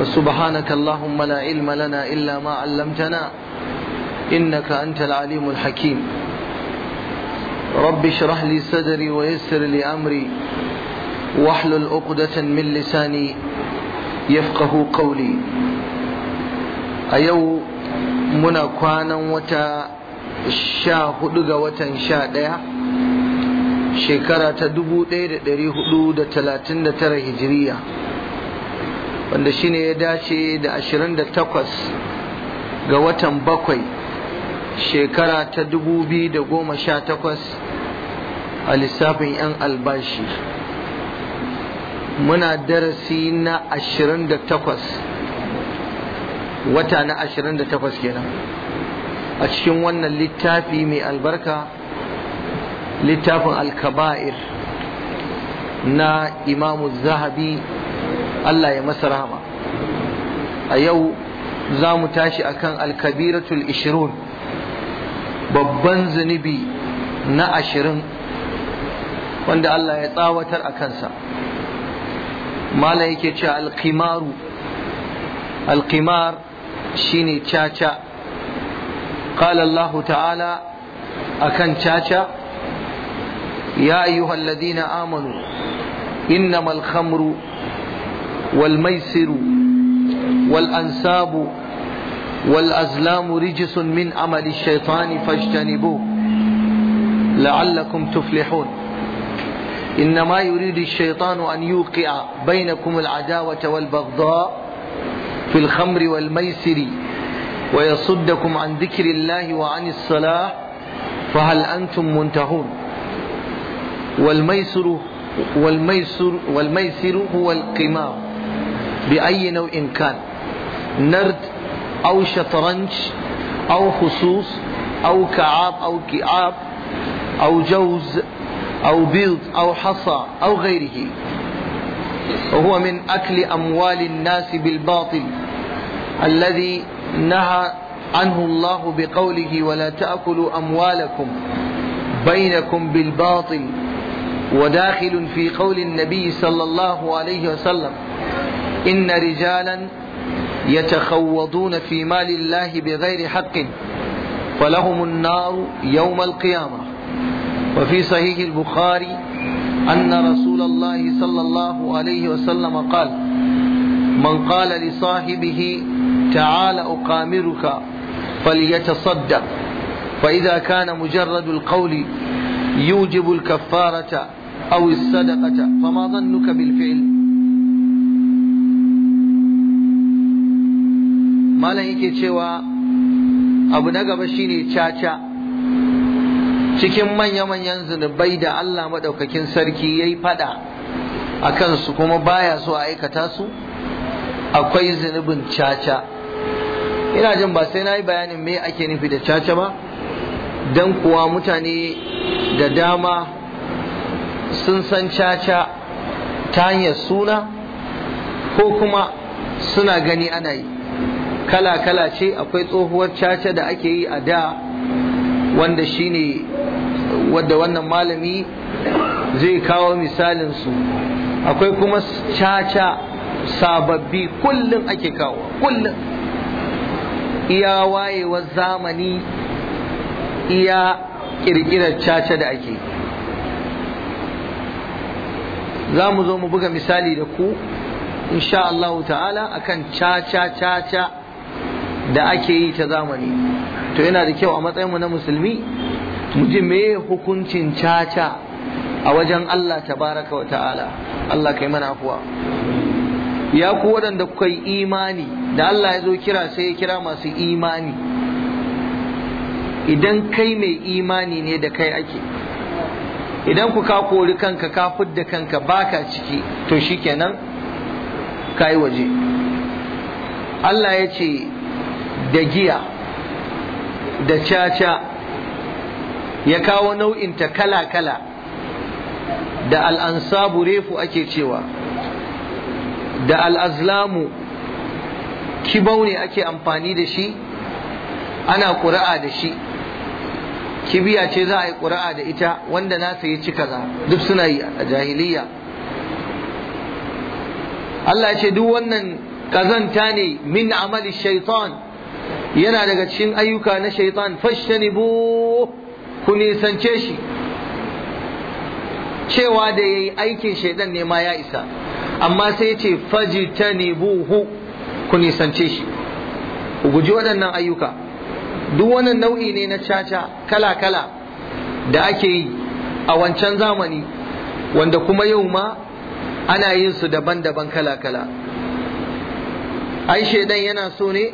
وسبحانك اللهم لا علم لنا إلا ما علمتنا إنك أنت العليم الحكيم رب شرح لي صدري ويسر لي أمري واحلل عقدة من لساني يفقه قولي أيو منا كوانا وتا sha hudu ga watan sha ɗaya shekara ta dubu ɗaya da ɗari hudu wanda shine ya dace da 28 ga watan bakwai shekara ta 2018 a lissafin 'yan albashi muna darasi na 28 wata na 28 kenan a cikin wannan littafi mai albarka littafin alkaba'ir na imamu zahabi Allah ya masa rahama a yau za mu tashi akan alkabiratul ishirun babban zunubi na ashirin wanda Allah ya tsawatar a kansa mala yake ce alkimaru alkimar shine caca qala Allah ta'ala akan caca ya ayyuhal ladina amanu innamal khamru والميسر والأنساب والأزلام رجس من عمل الشيطان فاجتنبوه لعلكم تفلحون إنما يريد الشيطان أن يوقع بينكم العداوة والبغضاء في الخمر والميسر ويصدكم عن ذكر الله وعن الصلاة فهل أنتم منتهون والميسر والميسر والميسر هو القمار بأي نوع كان نرد أو شطرنج أو خصوص أو كعاب أو كعاب أو جوز أو بيض أو حصى أو غيره وهو من أكل أموال الناس بالباطل الذي نهى عنه الله بقوله ولا تأكلوا أموالكم بينكم بالباطل وداخل في قول النبي صلى الله عليه وسلم إن رجالا يتخوضون في مال الله بغير حق فلهم النار يوم القيامة وفي صحيح البخاري أن رسول الله صلى الله عليه وسلم قال من قال لصاحبه تعال أقامرك فليتصدق فإذا كان مجرد القول يوجب الكفارة أو الصدقة فما ظنك بالفعل malam yake cewa abu na gaba shine caca cikin manya-manyan zunubai da Allah maɗaukakin sarki ya yi faɗa a kansu kuma baya so a aikata su akwai zunubin caca ina jin ba sai na yi bayanin me ake nufi da caca ba don kuwa mutane da dama sun san caca ta hanyar suna ko kuma suna gani ana yi kala-kala ce akwai tsohuwar caca da ake yi a da wanda shine wadda wannan malami zai kawo misalinsu akwai kuma caca sababbi kullum ake kawo kullum iya wayewar zamani iya kirkirar caca da ake za mu zo mu buga misali da ku insha Allah ta'ala akan caca caca da ake yi ta zamani to yana da kyau a matsayinmu na musulmi mu ji me hukuncin caca a wajen Allah tabaraka wa ta'ala Allah kai mana afuwa ya ku waɗanda kuka yi imani da Allah ya zo kira sai ya kira masu imani idan kai mai imani ne da kai ake idan ku ka kori kanka ka fidda kanka baka ciki to shikenan ka yi waje Allah ya ce da giya da caca ya kawo nau'inta kala-kala da al'ansabu refu ake cewa da al'azlamu kibau ne ake amfani da shi ana ƙuri'a da shi kibiya ce za a yi ƙuri'a da ita wanda nasa ya ci duk suna yi a jahiliya Allah ce duk wannan kazanta ne min amali shaitan yana daga cikin ayyuka na shaitan bu ku nisance shi cewa da ya yi aikin shaitan ne ma ya isa amma sai ya ce buhu, ku nisance shi ku guji waɗannan ayyuka duk wannan nau'i ne na caca kala-kala da ake yi a wancan zamani wanda kuma yau ma ana yin su daban-daban kala-kala ai shaidan yana so ne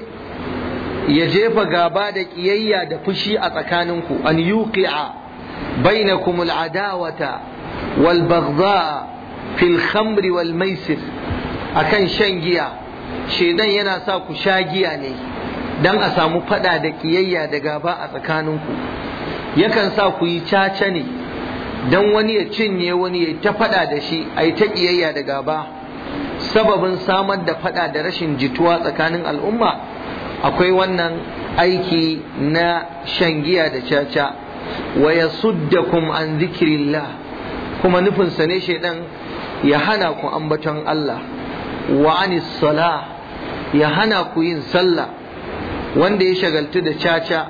ya jefa gaba da ƙiyayya da fushi a tsakaninku an yuqi'a bainakum al'adawata wal baghdha fil khamr wal maisir akan shan giya shedan yana sa ku sha giya ne dan a samu fada da ƙiyayya da gaba a tsakaninku yakan sa ku yi caca ne dan wani ya cinye wani ya ta fada da shi ai ta ƙiyayya da gaba sababin samar da fada da rashin jituwa tsakanin al'umma akwai wannan aiki na shan giya da caca wa kuma an zikrillah kuma nufinsa ne shaidan ya hana ku ambaton Allah wa sala ya hana ku yin sallah wanda ya shagaltu da caca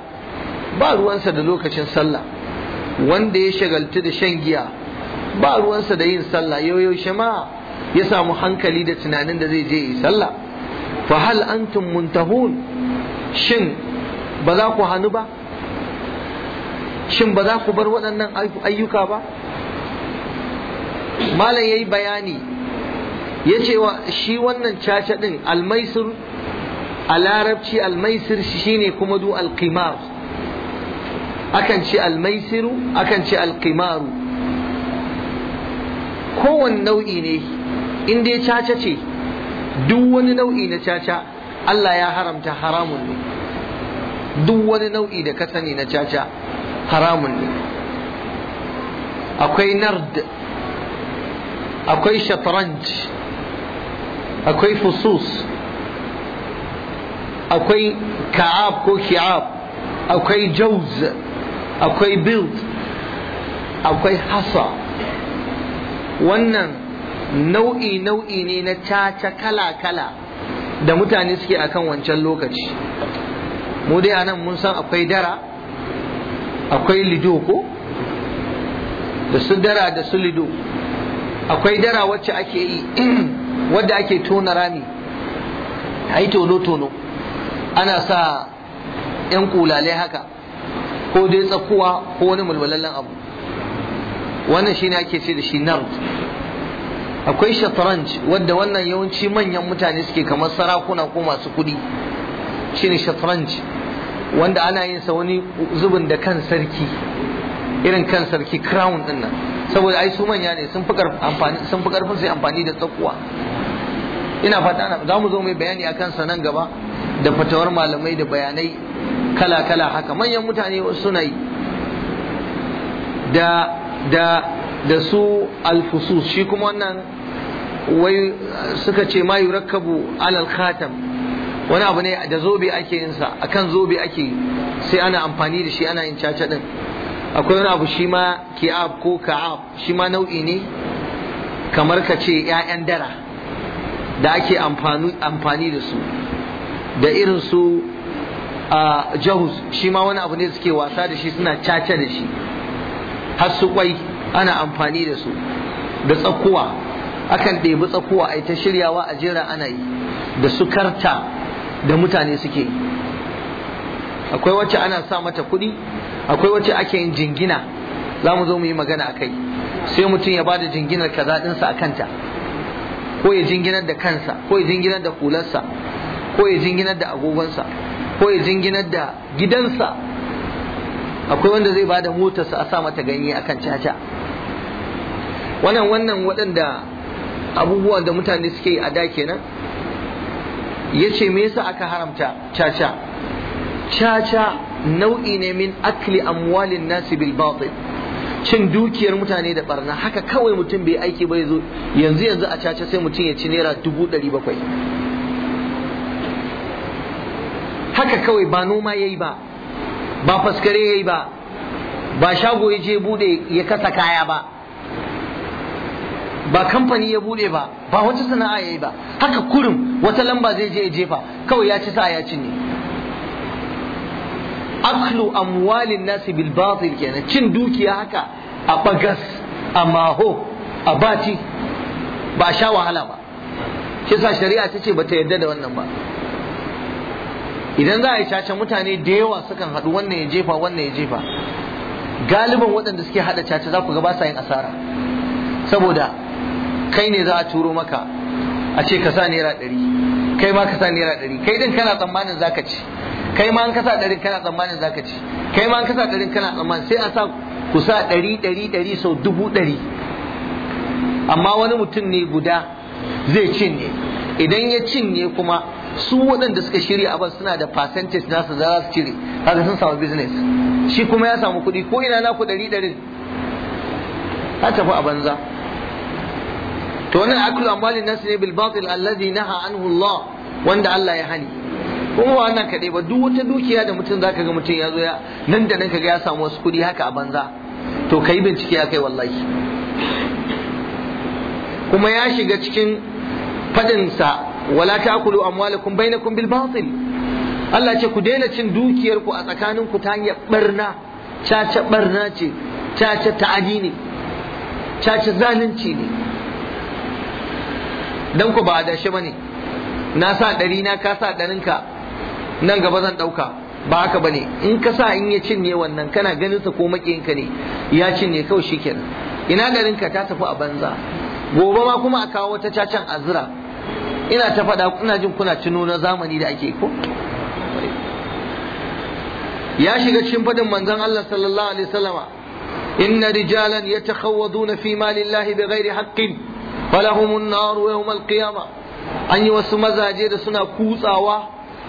ba ruwansa da lokacin sallah wanda ya shagaltu da shan giya ba ruwansa da yin sallah yau yaushe ma ya samu hankali da tunanin da zai je yi sallah fa hal antum muntahun shin ba za ku hannu ba shin ba za ku bar waɗannan ayyuka ba malam ya yi bayani ya ce wa shi wannan caca ɗin almaisir a larabci almaisir ne kuma du alqimar akan ce almaisiru akan ce Alkimaru. kowane nau'i ne in dai caca ce duk wani nau'i na caca Allah ya haramta haramun ne duk wani nau'i da ka sani na caca haramun ne akwai nard akwai shatranj akwai fusus akwai ka'ab ko ki'ab akwai jauz akwai bild akwai hasa wannan nau'i nau'i ne na caca kala kala da mutane suke akan wancan lokaci mu dai anan mun san akwai dara akwai lido ko da su dara da su lido akwai dara wacce ake yi wadda ake tona rami a yi tono-tono ana sa 'yan kulalai haka ko dai tsakuwa ko wani mulmulallen abu wannan shi ne ake ce da shi nard akwai shatranj wadda wannan yawanci manyan mutane suke kamar sarakuna ko masu kuɗi shine shatranj wanda ana yin sa wani zubin da kan sarki irin kan sarki crown din nan saboda ai su manya ne sun fi amfani sun fi karfin sai amfani da tsakuwa ina fata za mu zo mai bayani akan sa nan gaba da fatawar malamai da bayanai kala kala haka manyan mutane suna yi da da da su alfusus shi kuma wannan wai suka ce ma yurakkabu alal khatam wani abu ne da zobe ake yin sa akan zobe ake sai ana amfani da shi ana yin caca din akwai wani abu shi ma ki'ab ko ka'ab shi ma nau'i ne kamar ka ce 'ya'yan dara da ake amfani da su da irin su a jahus shi ma wani abu ne suke wasa da shi suna caca da shi har su kwai ana amfani da su da tsakuwa akan ɗebi tsakuwa a ta shiryawa a jera ana yi da karta da mutane suke yi akwai wacce ana sa mata kuɗi akwai wacce ake yin jingina za mu zo mu yi magana a kai sai mutum ya bada jinginar kaza ɗinsa a kanta ko ya jinginar da kansa ko ya jinginar da kularsa ko ya jinginar da agogonsa ko ya jinginar da gidansa akwai wanda zai bada motarsa a sa mata ganye akan caca wannan wannan waɗanda abubuwa da mutane suke yi a da kenan yace me yasa aka haramta caca caca nau'i ne min akli amwalin nasi bil batil cin dukiyar mutane da barna haka kawai mutum bai aiki ba yazo yanzu yanzu a caca sai mutum ya ci naira dubu ɗari bakwai haka kawai ba noma yayi ba ba faskare yayi ba ba shago ya je bude ya kasa kaya ba ba kamfani ya bude ba ba wata sana'a ya yi ba haka kurum wata lamba zai je ya jefa kawai ya ci sa ya cinye aklu amwalin nasi bil batil kenan cin dukiya haka a bagas a maho a bati ba sha wahala ba shi sa shari'a ta ce bata yarda da wannan ba idan za a yi caca mutane da yawa sukan haɗu wannan ya jefa wannan ya jefa galiban waɗanda suke haɗa caca za ku ga ba yin asara saboda kai ne za a turo maka a ce ka sa naira ɗari kai ma ka sa naira ɗari kai din kana tsammanin za ka ci kai ma an ka sa ɗari kana tsammanin za ka ci kai ma an ka sa ɗari kana tsammanin sai a sa ku sa ɗari ɗari ɗari sau dubu ɗari amma wani mutum ne guda zai cinye idan ya cinye kuma su waɗanda suka shirya abin suna da percentage nasu za su cire haka sun samu business shi kuma ya samu kuɗi ko ina naku ɗari ɗarin ta tafi a banza to wannan aklu amwalin nasu ne bil batil allazi naha anhu Allah wanda Allah ya hani kuma wannan kadai ba duk wata dukiya da mutum zaka ga mutum ya zo ya nan da nan kaga ya samu wasu kudi haka a banza to kai bincike ya kai, wallahi kuma ya shiga cikin fadin sa wala ta'kulu amwalakum bainakum bil batil Allah ce ku daina cin dukiyar ku a tsakanin ku ta hanyar barna caca barna ce caca ta'adi ne caca zalunci ne dan ku ba adashe bane na sa ɗari na ka sa ɗarinka nan gaba zan ɗauka ba haka bane in ka sa in ya cinye wannan kana ganin sa ko ka ne ya cinye kawai shikenan ina ka ta tafi a banza gobe ma kuma a kawo wata cacan azura ina ta faɗa ina jin kuna tuno na zamani da ake ko ya shiga cikin faɗin manzon Allah sallallahu alaihi wasallama inna rijalan yatakhawwaduna fi malillahi bighairi haqqin falahumun naru yawmal qiyama an yi wasu mazaje da suna kutsawa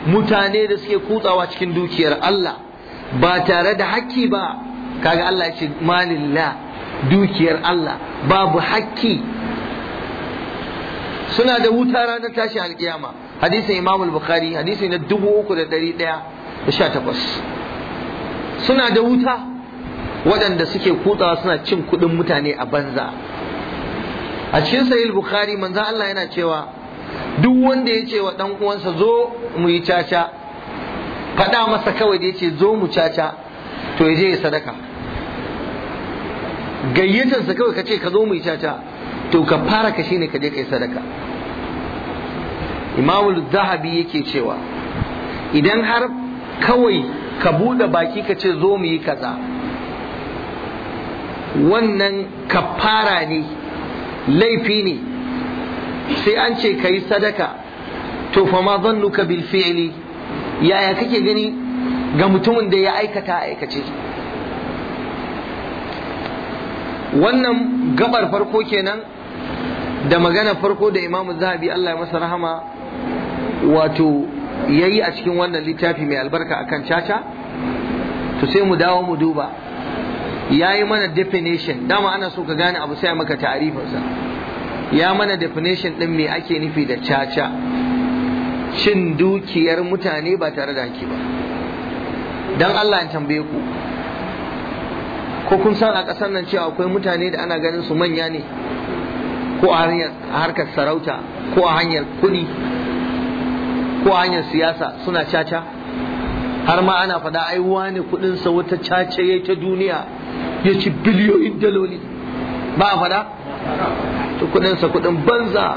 mutane da suke kutsawa cikin dukiyar Allah ba tare da hakki ba kaga Allah ya ce malillah dukiyar Allah babu hakki suna da wuta ranar tashi alkiyama hadisin Imam bukhari hadisi na 3118 suna da wuta waɗanda suke kutsawa suna cin kuɗin mutane a banza a cikin sahih bukhari manzo Allah yana cewa duk wanda ya ce wa dan uwansa zo mu yi caca faɗa masa kawai da ya ce zo mu caca to ya je ya sadaka sa kawai ka ce ka zo mu yi caca to ka fara ka shine ka je ka yi sadaka imamul zahabi yake cewa idan har kawai ka buɗe baki ka ce zo mu yi kaza wannan kafara ne laifi ne sai an ce ka yi sadaka to fa ma zannuka bil fi'li yaya kake gani ga mutumin da ya aikata aikace wannan gabar farko kenan da magana farko da imamu zahabi Allah ya masa rahama wato yayi a cikin wannan littafi mai albarka akan caca to sai mu dawo mu duba ya yi mana definition dama ana so ka gane abu sai maka tarifinsa ya mana definition ɗin me ake nufi da caca cin dukiyar mutane ba tare da haki ba don Allah ya tambaye ku ko kun san a ƙasar nan cewa akwai mutane da ana ganin su manya ne ko a harkar sarauta ko a hanyar kuɗi ko a hanyar siyasa suna caca har ma ana faɗa ai ne kuɗinsa wata caca ya ta duniya ya ci biliyoyin daloli ba a faɗa kudinsa kudin banza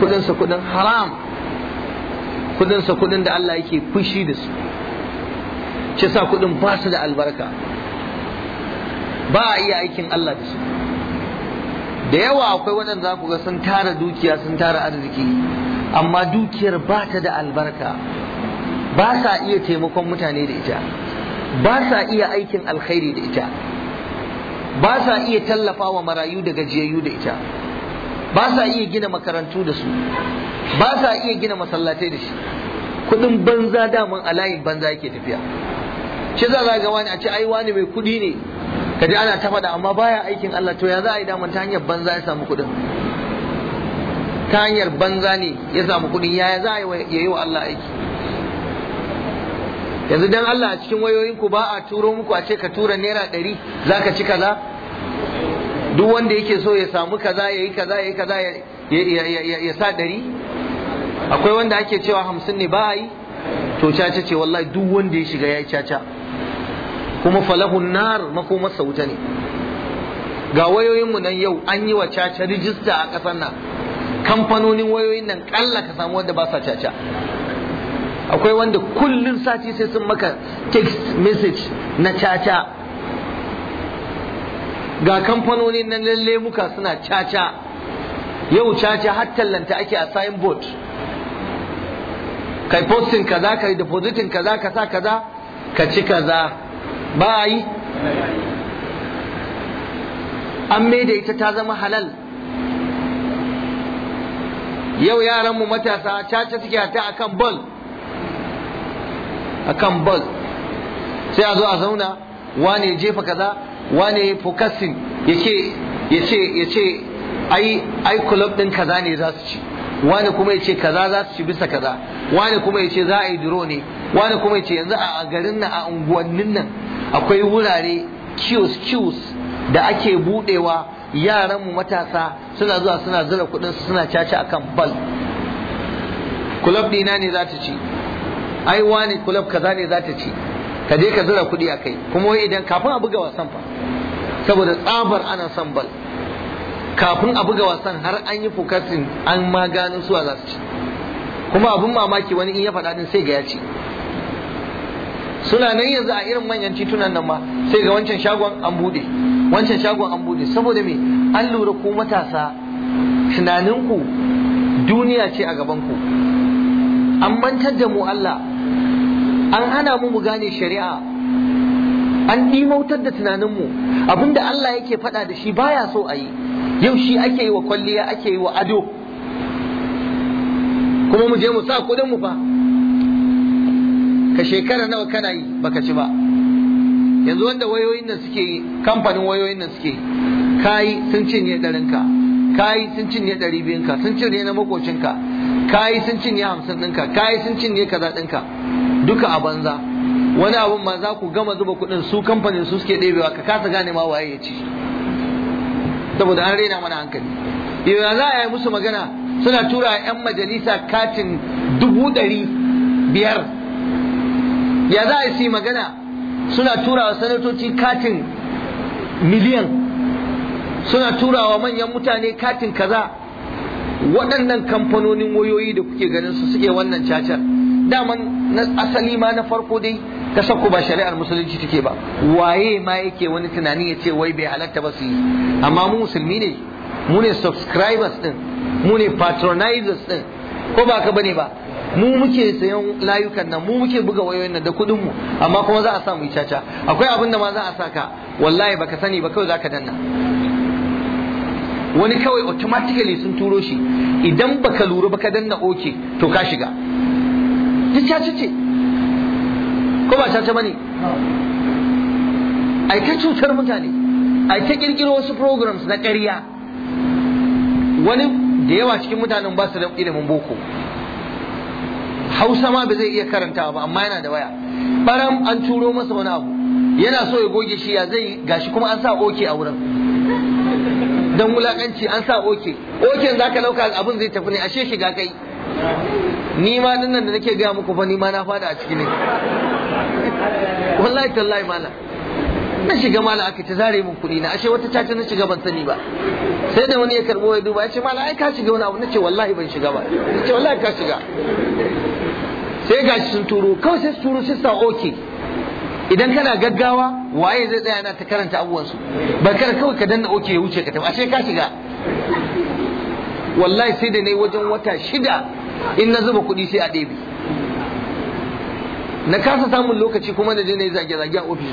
kudinsa kudin haram kudinsa kudin da Allah yake fushi da su ce sa kudin ba su da albarka ba a iya aikin Allah da su da yawa akwai waɗanda za ku ga sun tara dukiya sun tara arziki amma dukiyar ba ta da albarka ba sa iya taimakon mutane da ita ba sa iya aikin alkhairi da ita ba sa iya tallafa wa marayu da gajiyayyu da ita ba sa iya gina makarantu da su ba sa iya gina masallatai da shi kudin banza daman a banza yake tafiya ce za a ga wani a ce ai wani mai kudi ne kaji ana ta faɗa amma baya aikin Allah to ya za a yi daman ta hanyar banza ya samu kudin ta hanyar banza ne ya samu kudin yaya za a yi wa Allah aiki yanzu dan Allah a cikin wayoyinku ba a turo muku a ce ka tura naira ɗari za ka ci kaza duk wanda yake so ya samu kaza ya yi kaza ya yi kaza ya sa ɗari akwai wanda ake cewa hamsin ne ba a yi to caca ce wallahi duk wanda ya shiga ya yi caca kuma falahun nar makomarsa wuta ne ga wayoyinmu nan yau an yi wa caca rijista a ƙasar nan kamfanonin wayoyin nan ƙalla ka samu wanda ba sa caca akwai wanda kullun sati sai sun maka text message na caca ga kamfanonin nan lalle muka suna caca yau caca har tallanta ake a signboard kai posting kaza kai depositin kaza ka sa kaza ka ci kaza ba yi an da ita ta zama halal yau yaranmu matasa caca suke ta akan ball akan ball sai a zo a zauna wane jefa kaza wane focusing yace yace yace ai ai club din kaza ne za su ci wani kuma ya kaza za su ci bisa kaza wani kuma ya za a yi duro ne wani kuma ya yanzu a garin nan a unguwannin nan akwai wurare kios kios da ake budewa yaran mu matasa suna zuwa suna zura kudin su suna caca akan bal club dina ne za ta ci ai wani kulab kaza ne za ci ka je ka zura kuɗi a kai kuma wai idan kafin a buga wasan fa saboda tsabar ana son bal kafin a buga wasan har an yi fokasin an ma ganin suwa za su ci kuma abin mamaki wani in ya faɗa din sai ga ya ci suna nan yanzu a irin manyan titunan nan ma sai ga wancan shagon an buɗe wancan shagon an buɗe saboda me an lura ko matasa tunaninku duniya ce a gabanku an mantar da mu Allah an hana mu mu gane shari'a an ɗimautar da tunaninmu abinda Allah yake faɗa da shi baya so a yi yau shi ake yi wa kwalliya ake yi wa ado kuma mu je mu sa kuɗin mu fa ka shekara nawa kana yi baka ci ba yanzu wanda wayoyin nan suke yi kamfanin wayoyin nan suke yi kayi sun cinye ɗarinka kayi sun cinye ɗari biyunka sun cinye na makocinka kayi sun cinye hamsin ɗinka kayi sun cinye kaza ɗinka duka a banza wani abun ma za ku gama zuba kuɗin su kamfanin su suke ɗebewa ka kasa gane ma waye ya ci saboda an raina mana hankali yau za a yi musu magana suna tura yan majalisa katin dubu ɗari biyar ya za a yi magana suna tura wa sanatoci katin miliyan suna tura wa manyan mutane katin kaza waɗannan kamfanonin wayoyi da kuke ganin su suke wannan cacar daman na asali ma na farko dai ka sako ba shari'ar musulunci take ba waye ma yake wani tunani ya ce wai bai halatta ba su yi amma mu musulmi ne mu ne subscribers din mu ne patronizers din ko ba ka bane ba mu muke sayan layukan nan mu muke buga wayoyin nan da kuɗin mu amma kuma za a sa mu yi caca akwai abin da ma za a saka, ka wallahi baka sani ba kawai zaka danna wani kawai automatically sun turo shi idan baka lura baka danna oke to ka shiga duk ce ko ba caca bane ai ta cutar mutane ai ta kirkiro wasu programs na ƙarya wani da yawa cikin mutanen ba su da ilimin boko hausa ma ba zai iya karanta ba amma yana da waya baram an turo masa wani abu yana so ya goge shi ya zai gashi kuma an sa oke a wurin dan wulakanci an sa oke oken zaka lauka abin zai tafi ne ashe shiga kai ni ma nan da nake gaya muku fa ni ma na fada a ciki ne wallahi tallahi mala na shiga mala aka ta zare min kuɗi na ashe wata caca na shiga ban sani ba sai da wani ya karbo ya duba ya ce mala ai ka shiga wani abu na ce wallahi ban shiga ba Na ce wallahi ka shiga sai ga sun turo kawai sai su turo sai sa oke idan kana gaggawa waye zai tsaya na ta karanta abubuwansu ba kana kawai ka danna oke ya wuce ka tafi ashe ka shiga wallahi sai da nayi wajen wata shida in na zuba kuɗi sai a ɗebe na kasa samun lokaci kuma na je na yi zage-zage a ofis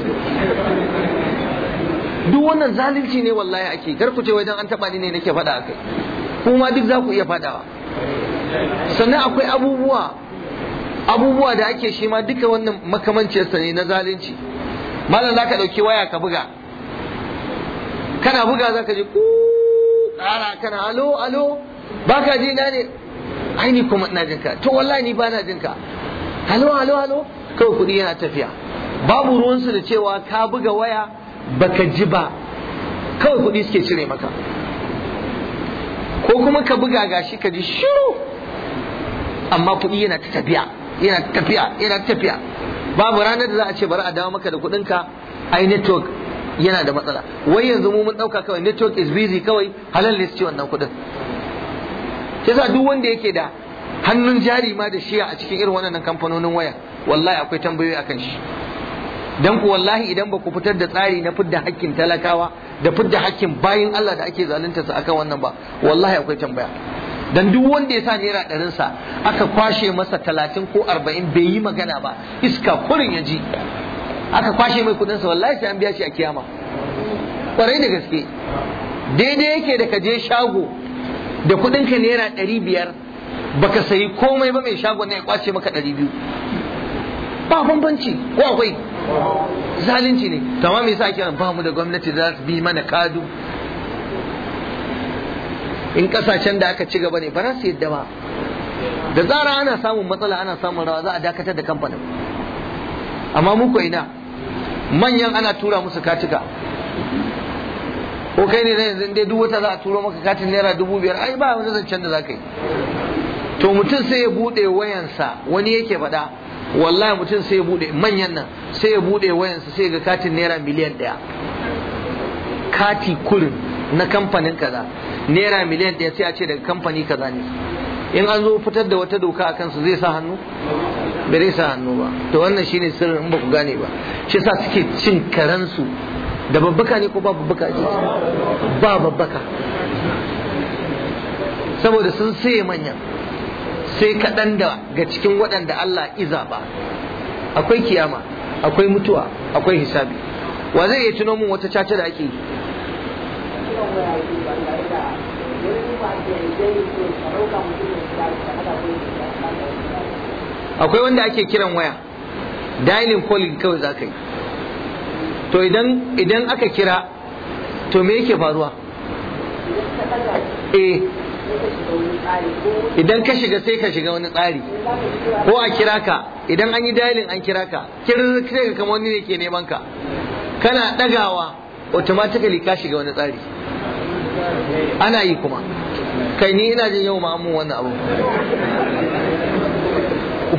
duk wannan zalunci ne wallahi ake kar ku ce wajen an taɓa ni ne nake faɗa kai. kuma duk za ku iya faɗawa sannan akwai abubuwa abubuwa da ake shi ma duka wannan makamanciyarsa ne na zalunci malam za ka ɗauki waya ka buga kana buga za ka ji ƙara kana alo alo ba ka ji na ne ai ni kuma ina jinka to wallahi ni ba na jinka halo halo halo kawai kuɗi yana tafiya babu ruwansu da cewa ka buga waya baka ji ba kawai kuɗi suke cire maka ko kuma ka buga gashi ka ji shiru amma kuɗi yana tafiya yana tafiya yana tafiya babu ranar da za a ce bari a dawo maka da kuɗinka ai network yana da matsala wai yanzu mu mun ɗauka kawai network is busy kawai halal ne su ce wannan kuɗin yasa duk wanda yake da hannun jari ma da shiya a cikin irin wannan kamfanonin waya wallahi akwai tambayoyi akan shi dan ku wallahi idan ba ku fitar da tsari na fidda hakkin talakawa da fidda hakkin bayin Allah da ake zalunta su akan wannan ba wallahi akwai tambaya dan duk wanda ya sa naira ɗarin sa aka kwashe masa talatin ko arba'in bai yi magana ba iska kurin ya ji aka kwashe mai kudin sa wallahi sai an biya shi a kiyama kwarai da gaske daidai yake da ka je shago da ka naira ɗari biyar baka sayi komai ba mai shagon ne ya kwace maka ɗari biyu ba bambanci ko akwai zalunci ne tamam mai yasa ake ba mu da gwamnati za su bi mana kadu in kasashen da aka ci gaba ne ba za su yadda ba da zara ana samun matsala ana samun rawa za a dakatar da kamfanin amma mu ko ina manyan ana tura musu katika ko kai ne na yanzu dai duk wata za a turo maka katin naira dubu biyar ai ba wani zancen da za ka yi to mutum sai ya buɗe wayansa wani yake faɗa wallahi mutum sai ya buɗe manyan nan sai ya buɗe wayansa sai ga katin naira miliyan ɗaya kati kurin na kamfanin kaza naira miliyan ɗaya sai a ce daga kamfani kaza ne in an zo fitar da wata doka a kansu zai sa hannu bai sa hannu ba to wannan shine sirrin in ba ku gane ba shi yasa suke cin karansu da babbaka ne ko ba babbaka ake ba babbaka saboda sun saye manya sai kaɗan ga cikin waɗanda Allah iza ba akwai kiyama akwai mutuwa akwai hisabi wa zai iya tuno min wata caca da ake yi akwai wanda ake kiran waya dialing calling kawai za ka yi to idan idan aka kira to me yake faruwa eh idan ka shiga sai ka shiga wani tsari ko a kira ka idan an yi dalin an kira ka kirar sai ka kama wani ne ke neman ka kana dagawa automatically ka shiga wani tsari ana yi kuma kai ni ina jin yau ma'amun wannan abu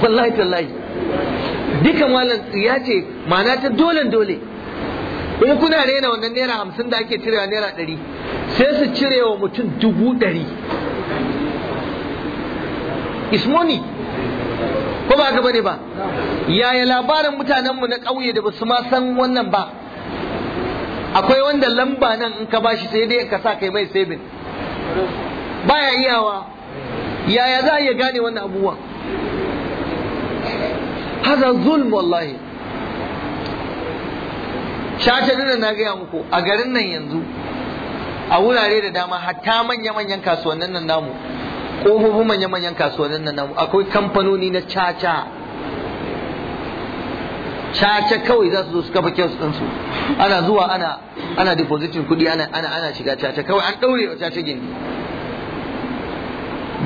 wallahi tallahi duka malam ya ce ma'ana ta dole dole in kuna rena wannan naira hamsin da ake cirewa naira ɗari sai su cire wa mutum dubu ɗari ismoni ko ba gaba ne ba yaya labarin mutanenmu na ƙauye da basu ma san wannan ba akwai wanda lamba nan in ka bashi sai dai ka sa kai mai sabin baya iyawa yaya za a iya gane wannan abubuwa haza zulm wallahi shashari da na gaya muku a garin nan yanzu a wurare da dama hatta manya-manyan kasuwannin nan namu ƙofofin manya-manyan kasuwannin nan namu akwai kamfanoni na caca caca kawai za su zo su kafa su ɗinsu ana zuwa ana ana depositin kuɗi ana ana ana shiga caca kawai an ɗaure wa caca gindi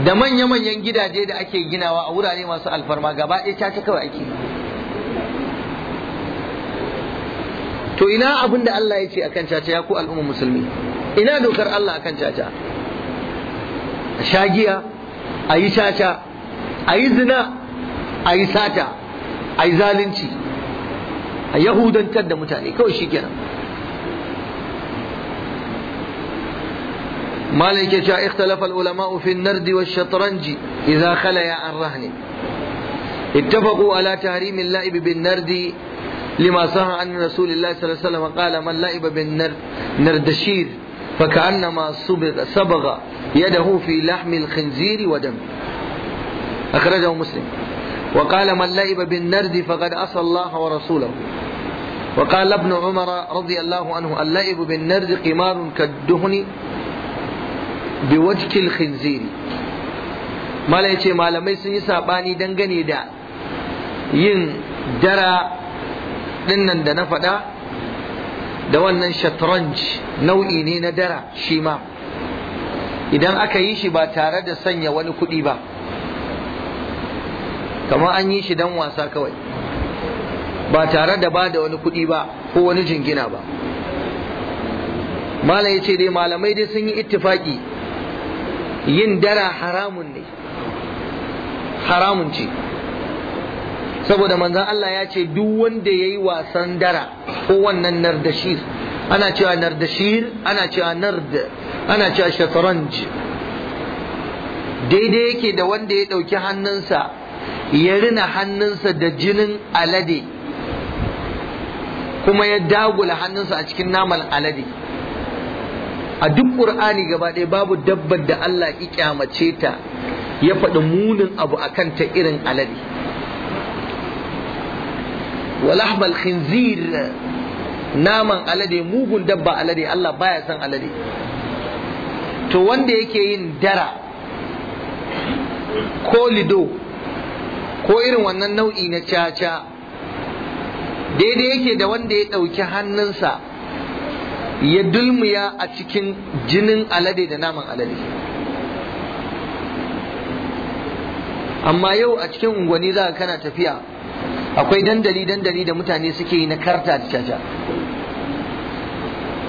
da manya-manyan gidaje da ake ginawa a wurare masu alfarma gaba ɗaya caca kawai ake yi. to ina abin da Allah ya ce akan caca ya ku al'umma musulmi ina dokar Allah akan caca a shagiya a yi caca a yi zina a yi sata a yi zalunci a yahudantar da mutane kawai shi kenan مالك جاء اختلف العلماء في النرد والشطرنج إذا خليا عن رهن اتفقوا على تحريم اللعب بالنرد لما صح عن رسول الله صلى الله عليه وسلم قال من لعب بالنردشير فكأنما صبغ, صبغ يده في لحم الخنزير ودم أخرجه مسلم وقال من لعب بالنرد فقد عصى الله ورسوله وقال ابن عمر رضي الله عنه اللعب بالنرد قمار كالدهن بوجه الخنزير mala ya ce malamai sun yi saɓani dangane da yin dara dinnan da na faɗa da wannan shatranj nau'i ne na dara shi ma idan aka yi shi ba tare da sanya wani kuɗi ba kamar an yi shi dan wasa kawai ba tare da ba da wani kuɗi ba ko wani jingina ba malam ya ce dai malamai dai sun yi ittifaki yin dara haramun ne haramun ce saboda manzan Allah ya ce duk wanda ya yi wasan dara ko wannan nardashir ana cewa nardashir ana cewa nard ana cewa shataranj daidai yake da wanda ya ɗauki hannunsa ya rina hannunsa da jinin alade kuma ya dagula hannunsa a cikin naman alade a duk ƙur'ani gaba ɗaya babu dabbar da Allah ya kyamace ta ya faɗi munin abu a kanta irin alade ولحم الخنزير khinzir naman alade mugun dabba alade Allah baya son alade to wanda yake yin dara ko lido ko irin wannan nau'i na caca daidai yake da wanda ya ɗauki hannunsa ya dulmuya a cikin jinin alade da naman alade amma yau a cikin unguwanni za kana tafiya akwai dandali dandali da mutane suke yi na karta da caca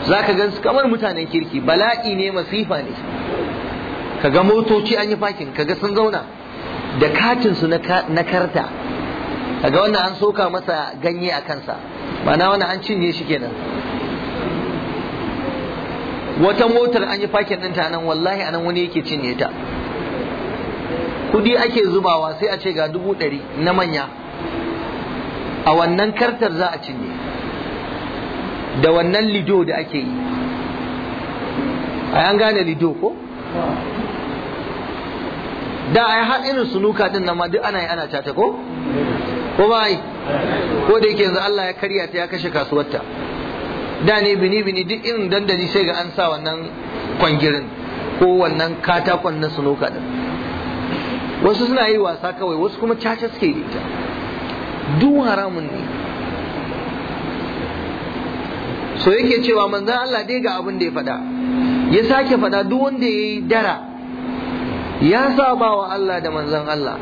za ka gan su kamar mutanen kirki bala'i ne masifa ne ka ga motoci an yi fakin ka ga sun zauna da katinsu na karta ka ga wannan an soka masa ganye a kansa mana wannan an cinye shi kenan wata motar an yi fakin ɗinta nan wallahi anan wani yake cinye ta kudi ake zubawa sai a ce ga dubu ɗari na manya a wannan kartar za a cinye da wannan lido da ake yi a yan gane lido ko da a yi har irin sunuka din nan ma duk ana yi ana cata ko ko ba yi ko da yake yanzu Allah ya karya ta ya kashe kasuwarta da ne bini bini duk irin dandali sai ga an sa wannan kwangirin ko wannan katakon na sunuka din wasu suna yi wasa kawai wasu kuma caca suke yi ita duk haramun ne so yake cewa manzan Allah dai ga abin da ya faɗa ya sake faɗa duk wanda ya yi dara ya saba wa Allah da manzan Allah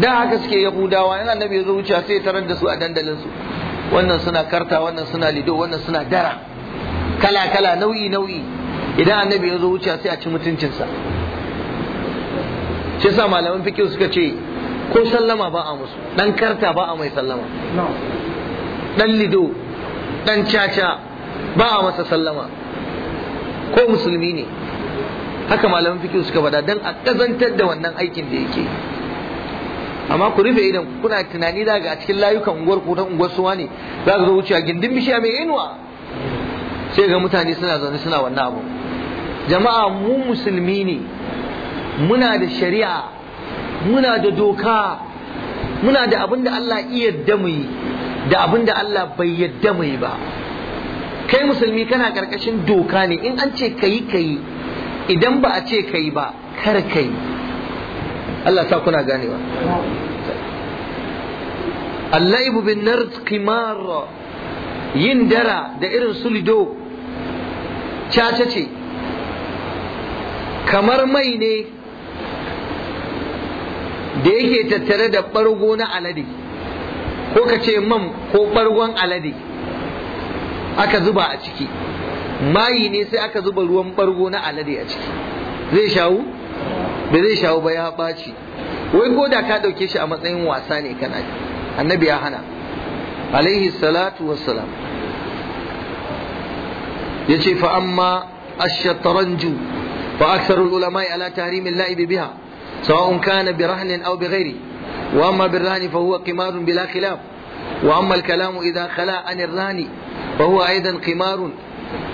da haka suke yahudawa yana annabi ya zo wuce sai ya tarar da su a dandalin su wannan suna karta wannan suna lido wannan suna dara kala kala nau'i nau'i idan annabi ya zo wuce sai a ci mutuncinsa shi sa malaman fikihu suka ce ko sallama ba a musu dan karta ba a mai sallama dan lido dan caca ba a masa sallama ko musulmi ne haka malaman fikihu suka faɗa dan a kazantar da wannan aikin da yake amma ku rufe idan kuna tunani da ga cikin layukan unguwar ko unguwar suwa ne za ka zo wucewa gindin bishiya mai inuwa sai ga mutane suna zaune suna wannan abu jama'a mu musulmi ne muna da shari'a muna da doka muna da abin da Allah iya mu yi da abin da Allah bai yadda mu yi ba kai musulmi kana karkashin doka ne in an ce kayi kayi idan ba a ce kayi ba kar kai Allah ta kuna ganewa ibu bin nard kimar yin dara da irin sulido lido caca ce kamar mai ne da yake tattare da ɓargo na alade ko ka ce man ko ɓargon alade aka zuba a ciki mayi ne sai aka zuba ruwan ɓargo na alade a ciki zai shawu ba zai shawu ba ya ɓaci wai ko da ka ɗauke shi a matsayin wasa ne kana annabi ya hana alaihi salatu wassalam ya ce fa amma ashatranju fa aksarul ulama ala tahrimin la'ibi biha سواء كان برهن أو بغيره وأما بالرهن فهو قمار بلا خلاف وأما الكلام إذا خلا عن الرهن فهو أيضا قمار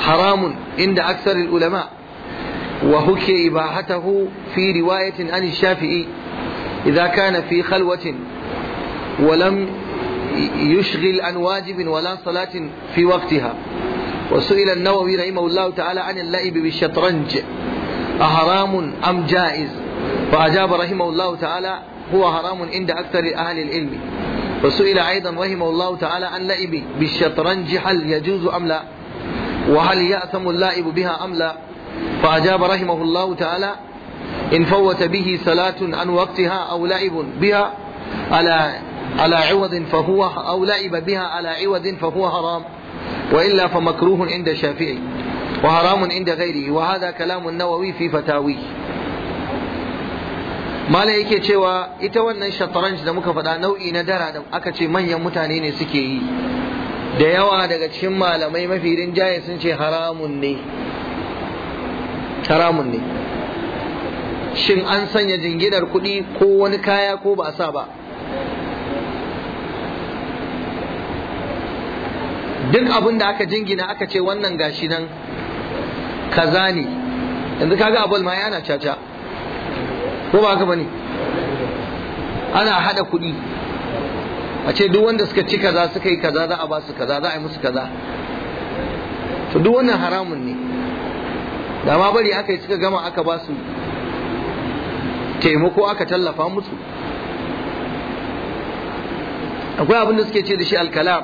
حرام عند أكثر العلماء وحكي إباحته في رواية عن الشافعي إذا كان في خلوة ولم يشغل عن واجب ولا صلاة في وقتها وسئل النووي رحمه الله تعالى عن اللعب بالشطرنج أحرام أم جائز فأجاب رحمه الله تعالى هو حرام عند أكثر أهل العلم وسئل أيضا رحمه الله تعالى عن لعب بالشطرنج هل يجوز أم لا وهل يأثم اللائب بها أم لا فأجاب رحمه الله تعالى إن فوت به صلاة عن وقتها أو لعب بها على على عوض فهو أو لعب بها على عوض فهو حرام وإلا فمكروه عند الشافعي وحرام عند غيره وهذا كلام النووي في فتاويه malam yake cewa ita wannan shataranj da muka faɗa nau'i na dara da aka ce manyan mutane ne suke yi da yawa daga cikin malamai mafi rinjaye sun ce haramun ne haramun ne shin an sanya jingidar kuɗi ko wani kaya ko ba sa ba duk abin da aka jingina aka ce wannan gashi nan kaza ne yanzu kaga abul ma yana caca ko ba haka bane ana hada kudi a ce duk wanda suka ci kaza suka yi kaza za a ba su kaza za a yi musu kaza to duk wannan haramun ne da ma bari aka yi suka gama aka ba su taimako aka tallafa musu akwai abin da suke ce da shi alkalam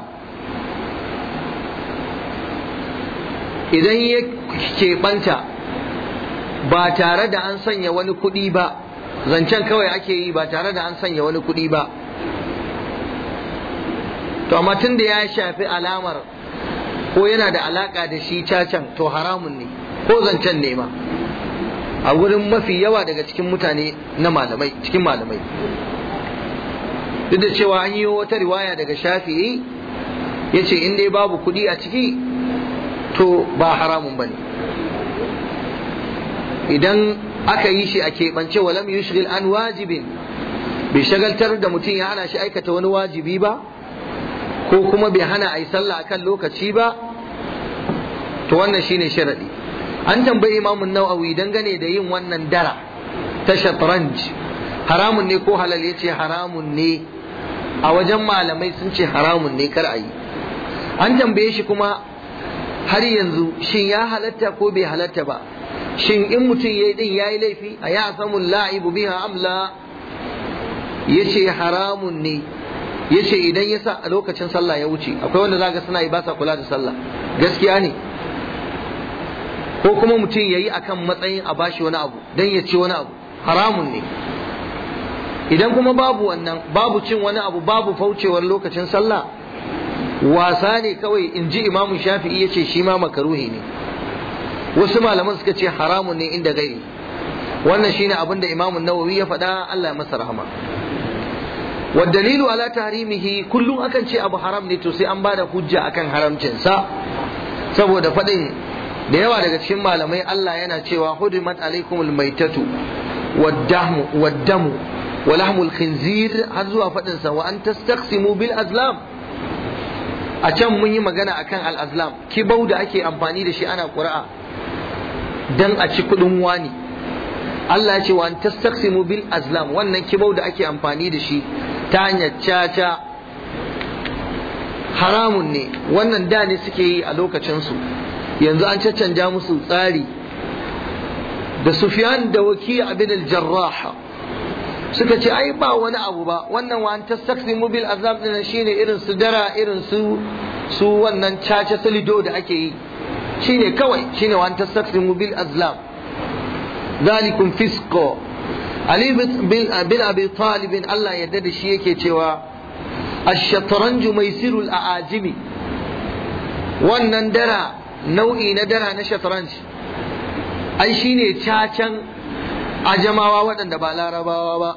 idan ya keɓanta ba tare da an sanya wani kuɗi ba zancen kawai ake yi ba tare da an sanya wani kuɗi ba to amma tun da ya shafi alamar ko yana da alaka da shi cacan to haramun ne ko zancen ne ma a wurin mafi yawa daga cikin mutane na malamai cikin malamai duk da cewa an yi wata riwaya daga shafi'i ya ce in dai babu kuɗi a ciki to ba haramun ba ne idan aka yi shi a keɓance walam yushghil an wajibin bai shagaltar da mutum ya hana shi aikata wani wajibi ba ko kuma bai hana a yi sallah kan lokaci ba to wannan shine sharadi an tambayi imamun nawawi dangane da yin wannan dara ta shatranj haramun ne ko halal ya ce haramun ne a wajen malamai sun ce haramun ne kar a yi an tambaye shi kuma har yanzu shin ya halatta ko bai halatta ba shin in mutum ya yi din ya yi laifi a ya samun la'ibu biha amla ya ce haramun ne ya ce idan ya sa a lokacin sallah ya wuce akwai wanda zaga suna yi ba sa kula da sallah gaskiya ne ko kuma mutum ya yi akan matsayin a bashi wani abu don ya ce wani abu haramun ne idan kuma babu wannan babu cin wani abu babu faucewar lokacin sallah wasa ne kawai in ji imamun shafi'i ya ce shi ma makaruhi ne wasu malaman suka ce haramun ne inda gai wannan shine abin da Imam Nawawi ya faɗa Allah ya masa rahama wa dalilu ala tahrimihi kullum akan ce abu haram ne to sai an bada hujja akan haramcin sa saboda fadin, da yawa daga cikin malamai Allah yana cewa hudimat alaikumul maitatu waddamu waddamu wa khinzir har zuwa faɗin sa wa an tastaqsimu bil azlam a can mun yi magana akan al azlam kibau da ake amfani da shi ana qur'a dan a ci kudin wani Allah ya ce wa tastaqsimu bil azlam wannan kibau da ake amfani da shi ta hanyar caca haramun ne wannan da ne suke yi a lokacin su yanzu an caccanja musu tsari da Sufyan da Waki abin al-Jarrah suka ce ai ba wani abu ba wannan wa tastaqsimu bil azlam din shine irin su dara irin su su wannan caca salido da ake yi shine kawai shine wa an mu bil azlam zalikum fisqo ali bin abi talib Allah yarda da shi yake cewa ash shatranj maisirul aajimi wannan dara nau'i na dara na shatranj ai shine cacan ajamawa waɗanda ba larabawa ba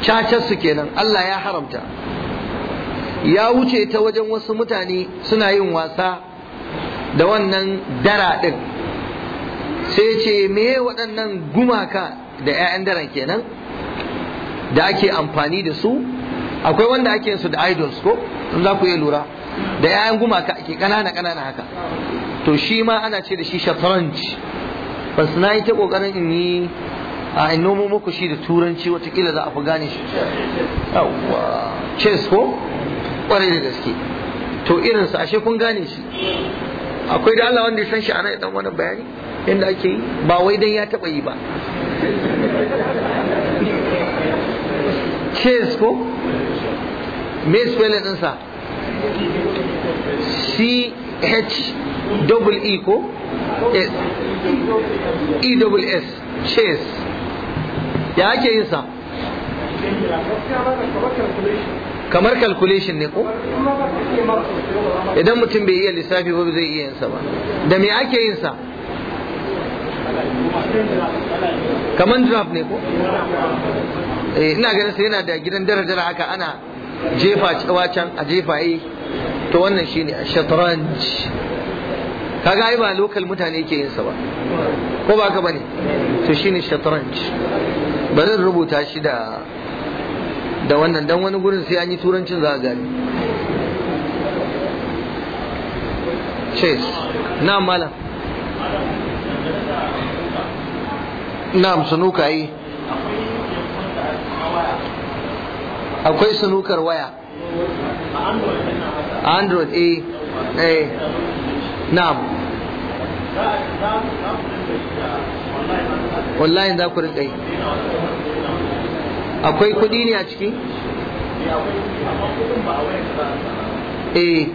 Cacarsu su kenan Allah ya haramta ya wuce ta wajen wasu mutane suna yin wasa da wannan dara ɗin sai ce me waɗannan gumaka da 'ya'yan daren kenan da ake amfani da su akwai wanda ake su da idols ko in za ku iya lura da 'ya'yan gumaka ake ƙanana ƙanana haka to shi ma ana ce da shi shatranj bas na yi ta ƙoƙarin in yi a in nomo muku shi da turanci watakila za a fi gane shi yawwa chess ko ƙwarai da gaske to irinsa ashe kun gane shi akwai da Allah wanda ya san shi ana dan wani bayani inda ake yi ba wai dan ya taba yi ba chess ko me spelling din sa C H double e, e ko E double e S chess ya ake yin sa kamar calculation ne ko idan mutum bai iya lissafi ba zai iya yinsa ba da me ake yinsa kamar draft ne ko eh, ina ganin sai yana da gidan darajar haka ana jefa can a jefa yi to wannan shine a shatranj kaga ai ba lokal mutane ke yinsa ba ko ba ka bane to shine shatranj bari rubuta shi da da wannan dan wani gurin sai an yi turancin za a gani chase na'am malam na'am sunuka yi akwai sunukar waya android a eh, a eh. na'am online za ku rinka yi akwai kuɗi ne a ciki eh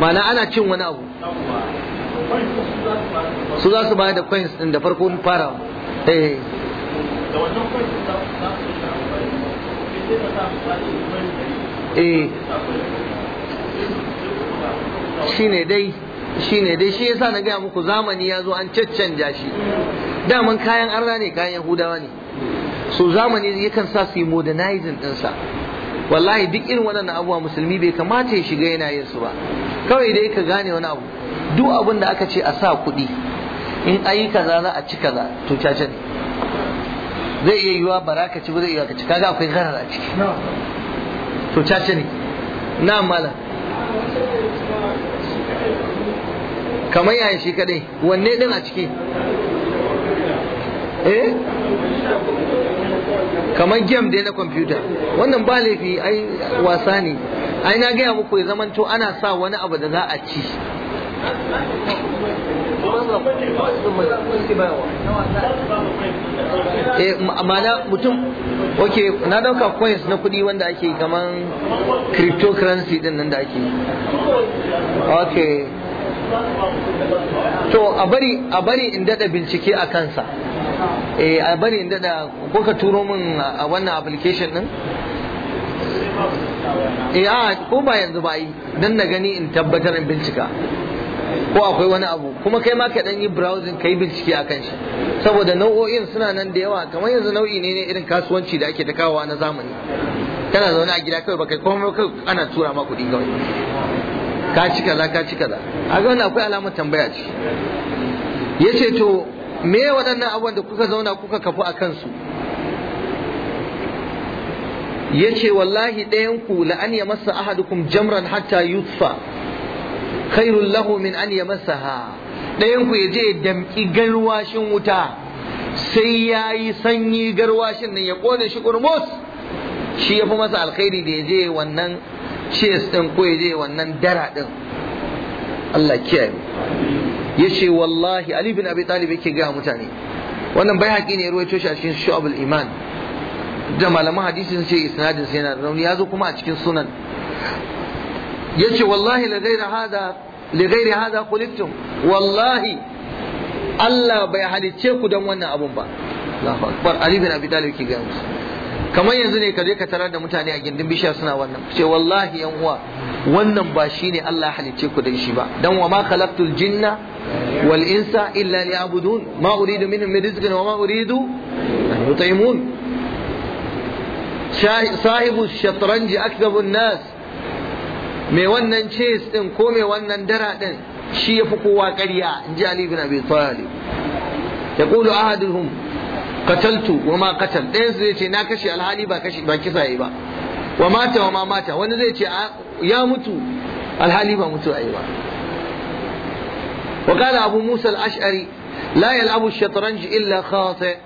mana ana cin wani abu su za su bayar da coins din da farko fara eh eh shine dai shine dai shi yasa na gaya muku zamani ya zo an caccanja shi daman kayan arna ne kayan yahudawa ne so zamani yakan sa su yi modernizing ɗinsa wallahi duk irin waɗannan abuwa musulmi bai kamata ya shiga yana yin su ba kawai dai ka gane wani abu duk abin da aka ce a sa kuɗi in ayi kaza za a ci kaza to caca ne zai iya yiwa bara ka ci ba zai iya ka ci kaga akwai gharar a ciki to caca ne na mala kamar yayin shi kadai wanne din a ciki eh kamar game dai na kwamfuta wannan ba laifi ai wasa ne ai na gaya muku ya to ana sa wani abu da za a ci eh, ma'ana mutum ok na dauka coins na kudi wanda ake kamar cryptocurrency din nan da ake ok to a bari a bari in dada bincike a kansa eh a bari inda da ko ka turo min a wannan application din eh a ko ba yanzu ba yi dan na gani in tabbatar in bincika ko akwai wani abu kuma kai ma ka dan yi browsing kai bincike akan shi saboda nau'o'in suna nan da yawa kamar yanzu nau'i ne ne irin kasuwanci da ake takawa kawowa na zamani kana zaune a gida kawai baka komai kai ana tura ma kuɗi kawai ka ci kaza ka ci kaza a ga wannan akwai alamar tambaya ce yace to me waɗannan abubuwan da kuka zauna kuka kafu a kansu ya ce wallahi ɗayanku la an ya masa ahadukum jamran hatta yutfa Kairun lahu min an ya masa ha ɗayanku ya je ya damƙi garwashin wuta sai ya yi sanyi garwashin nan ya ƙone shi ƙurmus shi ya fi masa alkhairi da ya je wannan cheese ɗin ko ya je wannan dara ɗin Allah kiyaye yace wallahi ali bin abi talib yake mutane wannan bai haƙi ne ruwaito shi a cikin shu'abul iman da malaman hadisi sun ce isnadin sai yana da rauni ya zo kuma a cikin sunan yace wallahi la ghaira hada li wallahi Allah bai halicce ku dan wannan abun ba Allahu Ali bin Abi Talib ke gaya musu kamar yanzu ne ka je ka tarar da mutane a gindin bishiya suna wannan ce wallahi yan uwa wannan ba shi shine Allah halicce ku da shi ba dan wa ma khalaqtul jinna wal insa illa liya'budun ma uridu minhum min rizqin wa ma uridu an yut'imun sahibu shatranji akdabun nas mai wannan chess din ko mai wannan dara din shi yafi kowa ƙarya in ji Ali ibn Abi Talib yaqulu ahaduhum qataltu wa ma qatal ɗayan zai ce na kashe alhali ba kashe ba kisa yi ba wa mata wa ma mata wani zai ce ya mutu alhali ba mutu ayi ba وقال أبو موسى الأشعري لا يلعب الشطرنج إلا خاطئ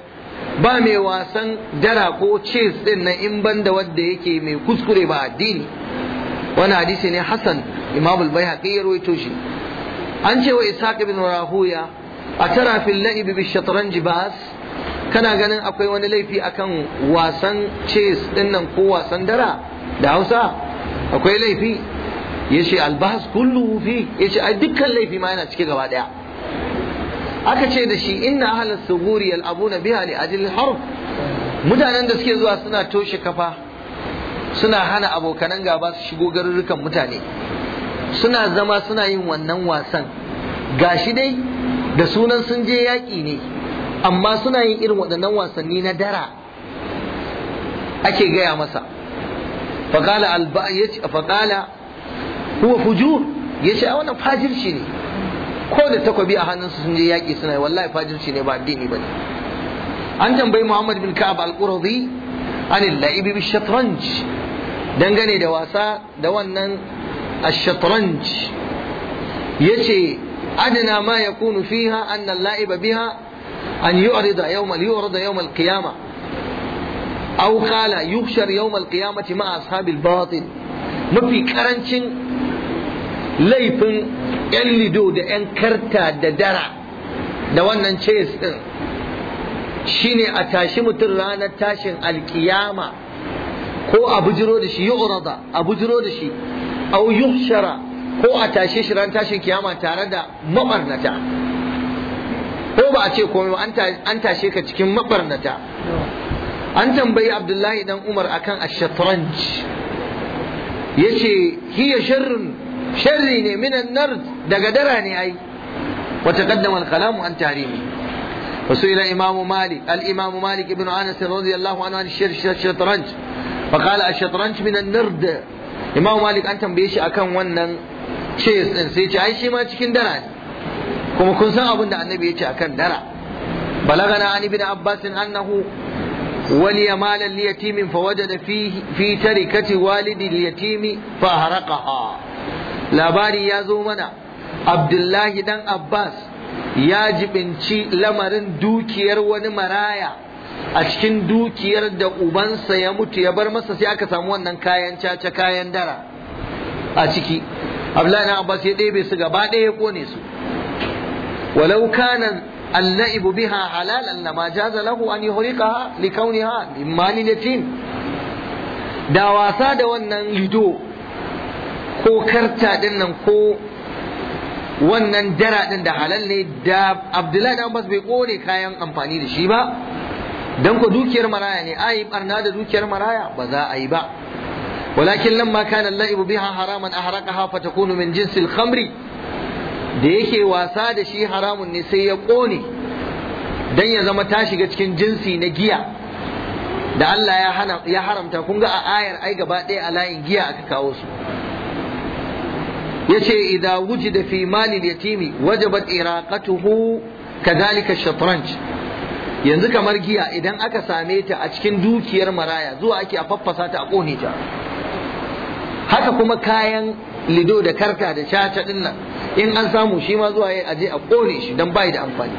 ba mai wasan dara ko chess din na in banda wanda yake mai kuskure ba addini wani hadisi ne Hassan Imam al-Baihaqi ya rawaito shi an ce wa Ishaq ibn Rahuya a tara fil la'ib bi shatranj bas kana ganin akwai wani laifi akan wasan chess din nan ko wasan dara da Hausa akwai laifi yace albahas kullu fi yace a dukkan laifi ma yana cike gaba daya aka ce da shi inna ahlus suguri yal'abuna biha li ajli harf mutanen da suke zuwa suna toshe kafa suna hana abokanan gaba su shigo garurrukan mutane suna zama suna yin wannan wasan gashi dai da sunan sun je yaƙi ne amma suna yin irin waɗannan wasanni na dara ake gaya masa faƙala faƙala huwa fujur ya ce a wannan fajirci ne ko da takwabi a hannunsu sun je yaƙi suna yi wallahi fajirci ne ba addini ba ne an tambayi muhammad bin ka'ab al-qurdi anil la'ibi bi shatranj dangane da wasa da wannan ash-shatranj yace adna ma yakunu fiha anna al-la'iba biha an yu'rida yawmal yu'rida yawmal qiyamah aw qala yawmal qiyamati ma ashabil batil mafi ƙarancin laifin yan lido da yan karta da dara da wannan ces ɗin shine a tashi mutum tashin ko a bujiro da shi a bujiro da shi yuhshara ko a tashe shi tashin kiyama tare da mabarnata ko ba a ce komai an tashe ka cikin mabarnata an tambayi abdullahi dan umar akan ashatranj ya ce hiya sharrun sharri ne minan nar daga dara ne ai wata kaddamar kalamu an tarimi wasu ila imamu malik al-imamu malik ibn anas radiyallahu anhu an فقال الشطرنج من النرد imamu malik an tambaye shi akan wannan ce sai ce ai shi ma cikin kuma kun san abin da annabi ya ce akan dara balagana an ibn abbas annahu fa مالا ليتيم fi فيه walidi تركة والد fa haraqaha labari ya zo mana abdullahi dan abbas ya jibinci lamarin dukiyar wani maraya a cikin dukiyar da ubansa ya mutu ya bar masa sai aka samu wannan kayan caca kayan dara a ciki abdullahi dan abbas ya ɗebe su gaba ɗaya ya kone su ولو كان اللعب بها حلالا لما جاز له أن يهرقها لكونها من مال يتيم da wasa da wannan lido ko karta din nan ko wannan dara din da halal ne da abdullahi dan bas bai kore kayan amfani da shi ba dan ko dukiyar maraya ne ai barna da dukiyar maraya ba za a yi ba walakin lamma kana al-la'ib biha haraman ahraqaha fatakunu min jinsi al-khamri da yake wasa da shi haramun ne sai ya ƙone don ya zama ta shiga cikin jinsi na giya da Allah ya haramta kun ga a ayar ai gaba ɗaya a layin giya aka kawo su Ya ce, yace wuji da fi mali al-yatimi wajabat iraqatuhu kadhalika ash-shatranj yanzu kamar giya idan aka same ta a cikin dukiyar maraya zuwa ake a faffasa ta a kone ta haka kuma kayan lido da karta da caca din nan in an samu shi ma zuwa yayi aje a kone shi dan bayi da amfani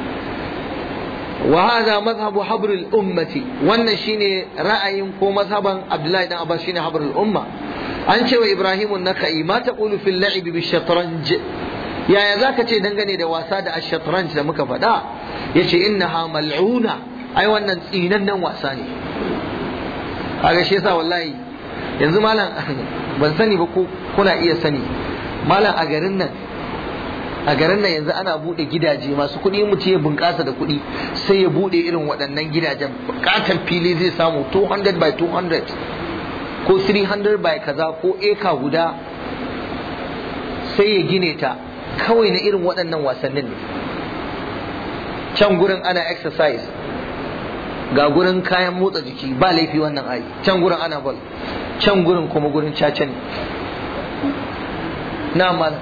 wa hadha madhhabu habrul ummati wannan shine ra'ayin ko mazhaban Abdullahi dan Abbas ne habrul umma an ce wa Ibrahim na nakhai ma taqulu fil la'ibi bi shatranj yaya zaka ce dangane da wasa da ash-shatranj da muka faɗa yace innaha mal'una ai wannan tsinannen wasa ne kaga shi yasa wallahi yanzu malam ban sani ba ko kuna iya sani malam a garin nan a garin nan yanzu ana bude gidaje masu kuɗi mu ya bunƙasa da kuɗi sai ya bude irin waɗannan gidajen buƙatar fili zai samu 200 by 200 ko 300 by kaza ko eka guda sai ya gine ta kawai na irin waɗannan wasannin ne can gurin ana exercise ga gurin kayan motsa jiki ba laifi wannan ai can gurin ana ball can gurin kuma gurin caca ne na mana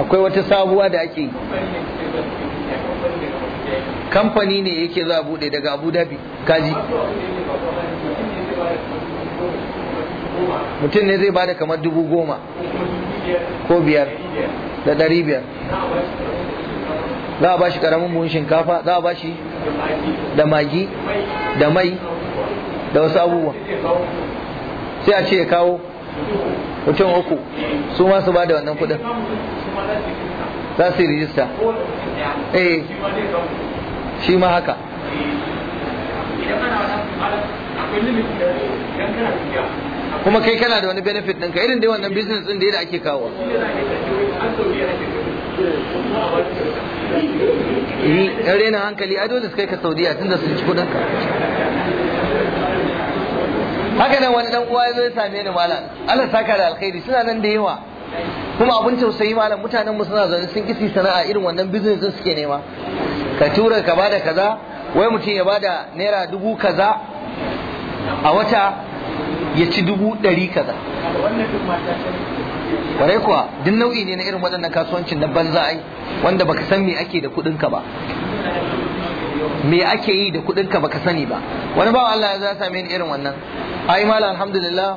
akwai wata sabuwa da ake kamfani ne yake za a bude daga abu dhabi kaji mutum ne zai bada kamar dubu goma ko biyar da ɗari biyar za a bashi karamin buhun shinkafa za a bashi da magi da mai da wasu abubuwa sai a ce ya kawo mutum uku su ma su ba da wannan kuɗin za su yi rijista eh shi ma haka kuma kai kana da wani benefit ɗinka irin dai wannan business ɗin da yadda ake kawo yi rena hankali a dole su kai ka saudiya da sun ci kuɗinka haka nan wani dan uwa ya zo ya same ni malam Allah saka da alkhairi suna nan da yawa kuma abin tausayi malam mutanen mu suna zaune sun kisi sana'a irin wannan business din suke nema ka tura ka bada kaza wai mutum ya bada naira dubu kaza a wata ya ci dubu ɗari kaza kwarai kuwa duk nau'i ne na irin waɗannan kasuwancin na banza ai wanda baka san me ake da ka ba me ake yi da kuɗinka baka sani ba wani bawa Allah ya za same ni irin wannan ai mala alhamdulillah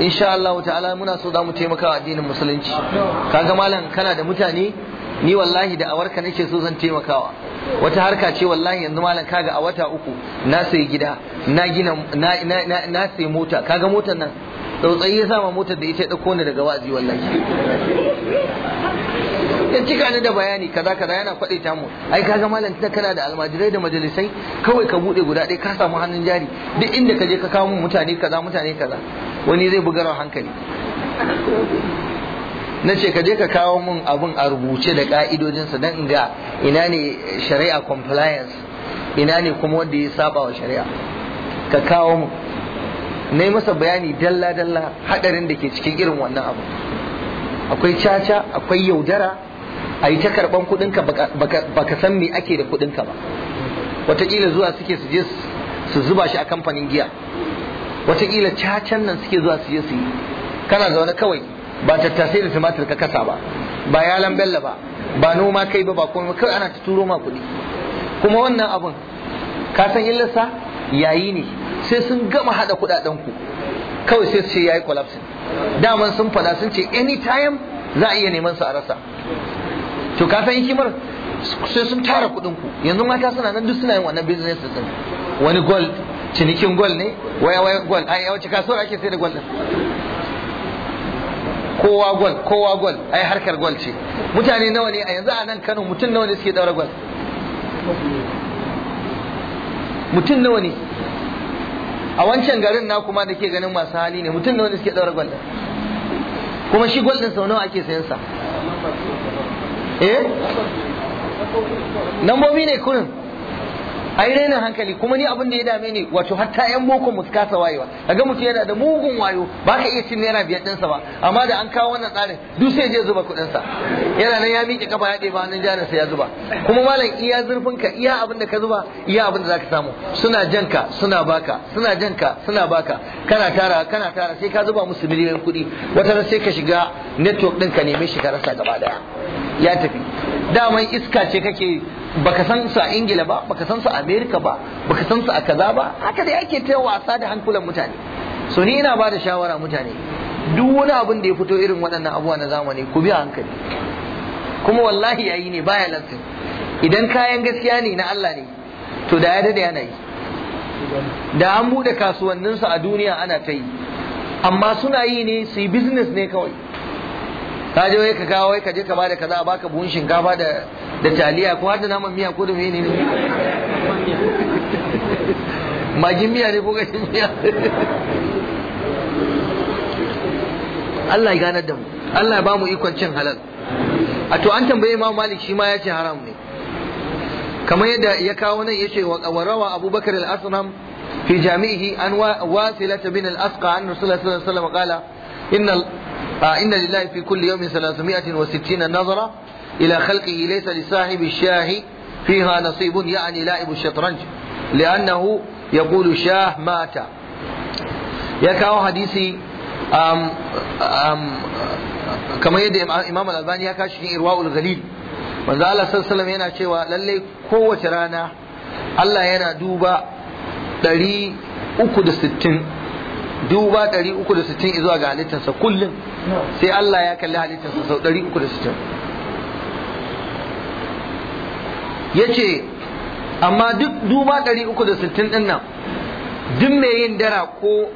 insha Allah ta'ala muna so za mu taimaka addinin musulunci kaga malam kana da mutane ni wallahi da awarka nake so zan taimakawa wata harka ce wallahi yanzu malam kaga a wata uku na sayi gida na gina na na na sayi mota kaga motar nan tsautsayi ya sama motar da ita ya dauko ni daga wazi wallahi ya cika ni da bayani kaza kaza yana faɗi ta mu ai kaga malam tunda kana da almajirai da majalisai kawai ka bude guda ɗaya ka samu hannun jari duk inda ka je ka kawo mutane kaza mutane kaza wani zai bugar hankali na ce ka je ka kawo mun abun a rubuce da ka'idojinsa sa dan ga ina ne shari'a compliance ina ne kuma wanda ya saba wa shari'a ka kawo mun na yi masa bayani dalla-dalla hadarin da ke cikin irin wannan abu akwai caca akwai yaudara a yi ta karɓan kuɗinka baka san me ake da kuɗinka ba wataƙila zuwa suke su je su zuba shi a kamfanin giya watakila cacan nan suke zuwa su je su yi kana zaune kawai ba tattasai da tumatir ka kasa ba ba yalan bella ba ba noma kai ba ba komai kawai ana ta turo ma kuɗi kuma wannan abun ka san illarsa yayi ne sai sun gama haɗa kuɗaɗen ku kawai sai su ce yayi collapse daman sun faɗa sun ce anytime za a iya neman su a rasa to ka san hikimar sai sun tara kuɗin ku yanzu mata suna nan duk suna yin wannan business din wani gold cinikin gold ne waya waya gold ai wace kasuwar ake sai da gold din kowa gold kowa gold ai harkar gold ce mutane nawa ne a yanzu a nan Kano mutum nawa ne suke daura gold mutum nawa ne a wancan garin na kuma da ke ganin masu hali ne mutum nawa ne suke daura gold kuma shi gold din sau nawa ake sayansa? eh nambobi ne kurin ai rainin hankali kuma ni abin da ya dame ni wato hatta yan boko mu kasa wayewa kaga mutum yana da mugun wayo ba ka iya cin naira biyar ɗinsa ba amma da an kawo wannan tsarin duk sai je zuba kuɗin sa yana nan ya miƙe kafa ya ɗeba nan jarin sa ya zuba kuma malam iya zurfin ka iya abin da ka zuba iya abin da zaka samu suna janka suna baka suna janka suna baka kana tara kana tara sai ka zuba musu miliyoyin kuɗi wata sai ka shiga network ɗin ka neme shi ka rasa gaba daya ya tafi daman iska ce kake baka san su a ingila ba baka san su a america ba baka san su a kaza ba haka da ake ta wasa da hankulan mutane so ni ina ba da shawara mutane duk wani abin da ya fito irin waɗannan abubuwa na zamani ku bi hankali kuma wallahi yayi ne baya lantin idan kayan gaskiya ne na Allah ne to da ya dade yana yi da an bude kasuwanninsu a duniya ana ta yi amma suna yi ne su yi business ne kawai ka je wai ka kawo wai ka je ka bada kaza a baka buhun shinkafa da da taliya ko har da naman miya ko da menene ne magin miya ne ko gashin miya Allah ya ganar da mu Allah ya ba mu ikon cin halal a to an tambaye Imam Malik shi ma ya ce haram ne kamar yadda ya kawo nan yace wa rawa Bakar al-Asnam fi jami'ihi an wasilata bin al-Asqa an Rasulullah sallallahu alaihi wasallam qala إن إن لله في كل يوم 360 نظرة إلى خلقه ليس لصاحب الشاه فيها نصيب يعني لائب الشطرنج لأنه يقول شاه مات يكاو حديثي أم أم kamar yadda imam albani ya kashi cikin irwa'ul ghalil manzo Allah yana cewa lalle kowace rana Allah yana duba sittin. duba 360 zuwa ga halittarsa kullum sai Allah ya kalli halittarsa sau 360 yace amma duk duba 360 din nan duk mai yin dara ko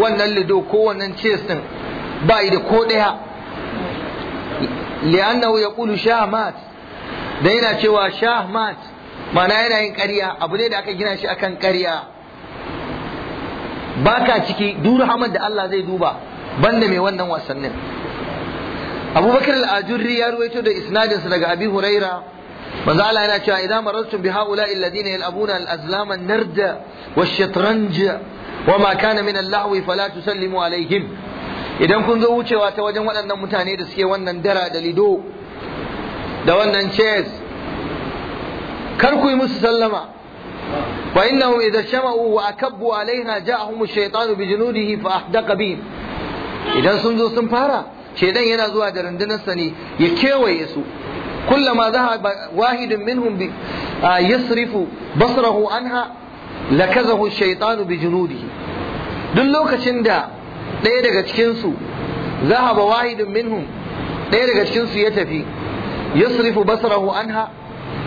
wannan lido ko wannan ces ɗin ba da ko daya ya kulu shahmat da yana cewa shahmat ma'ana yana yin ƙarya abu ne da aka gina shi akan ƙarya baka ciki duk rahamar da Allah zai duba banda mai wannan wasannin abubakar al-ajurri ya ruwaito da isnadinsa daga abi huraira manzo Allah yana cewa idan marartum bi haula alladhina yal'abuna al-azlama an-nard wa ash-shatranj wa kana min al-lahwi fala tusallimu alaihim idan kun zo wucewa ta wajen waɗannan mutane da suke wannan dara da lido da wannan chess kar ku yi musu sallama Kwayin na a yi mu'izar shama uku a kabbu alaiha za a huma shaitan bi junu da hi fa a daƙa biyu. Idan sun zo sun fara shaidan yana zuwa da dunar sani ya kewaye su. Kulluma za a ba wahidin mun ya surufi bas raho an ha la ka shaitanu bi junu Duk lokacin da ɗaya daga cikinsu za a ba wahidin mun ɗaya daga cikinsu ya tafi ya surufi bas an ha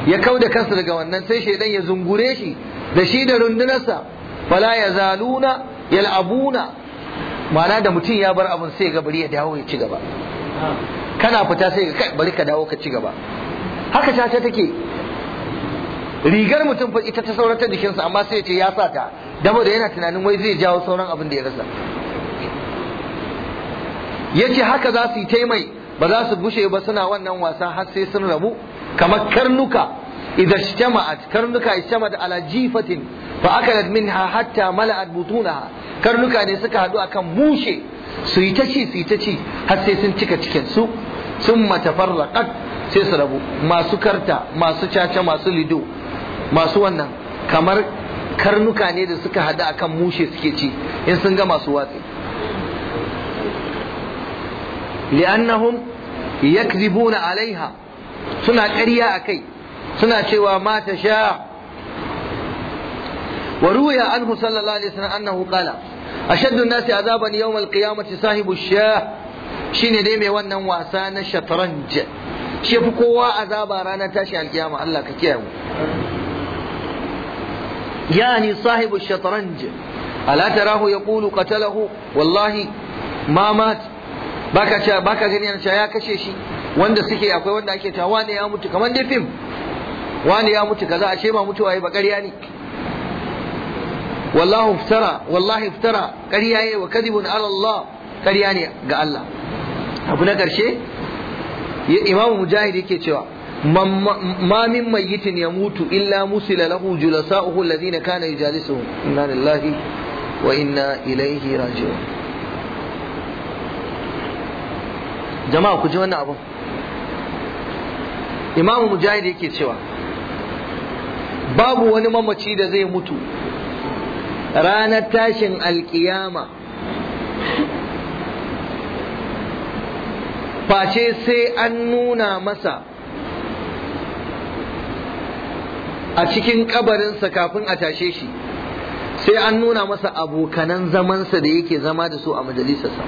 ya kauda kansa daga wannan sai shaidan ya zungure shi. da shi da rundunarsa fala ya zaluna yal'abuna ma'ana da mutum ya bar abin sai ga bari ya dawo ya ci gaba kana fita sai ga kai bari ka dawo ka ci gaba haka ta ta take rigar mutum fa ita ta saurata jikinsa amma sai ya ce ya sa ta dama yana tunanin wai zai jawo sauran abin da ya rasa yace haka za su yi taimai ba za su gushe ba suna wannan wasan har sai sun rabu kamar karnuka idza ijtama'at karnuka ijtama'at fatin jifatin fa akalat minha hatta mala'at butunaha karnuka ne suka hadu akan mushe su yi ta ci su yi ci har sai sun cika cikin su sun matafarraqat sai su rabu masu karta masu caca masu lido masu wannan kamar karnuka ne da suka haɗu akan mushe suke ci in sun ga masu watsi li'annahum yakzibuna alaiha suna karya a kai. suna cewa mata sha wa ruya anhu sallallahu alaihi wasallam annahu qala ashaddu an-nasi azaban yawm al-qiyamati sahibu shah shine dai mai wannan wasa na shatranj shi fi kowa azaba ranar tashi alkiyama Allah ka kiyaye mu yani sahibu shatranj ala tarahu yaqulu qatalahu wallahi ma mat baka baka gani yana ya kashe shi wanda suke akwai wanda ake tawa ne ya mutu kamar dai fim wani ya mutu kaza ashe ma mutuwa ya ba ne wallahu iftara wallahi iftara ƙarya ne wa kadhibun ala Allah ƙarya ne ga Allah abu na ƙarshe imamu mujahid yake cewa ma min mayyitin ya mutu illa musila lahu julasa'uhu alladhina kana yujalisuhum inna lillahi wa inna ilaihi raji'un jama'a ku ji wannan abun imamu mujahid yake cewa babu wani mamaci da zai mutu ranar tashin alkiyama face sai an nuna masa a cikin kabarinsa kafin a tashe shi sai an nuna masa abokanan zamansa da yake zama da su a majalisarsa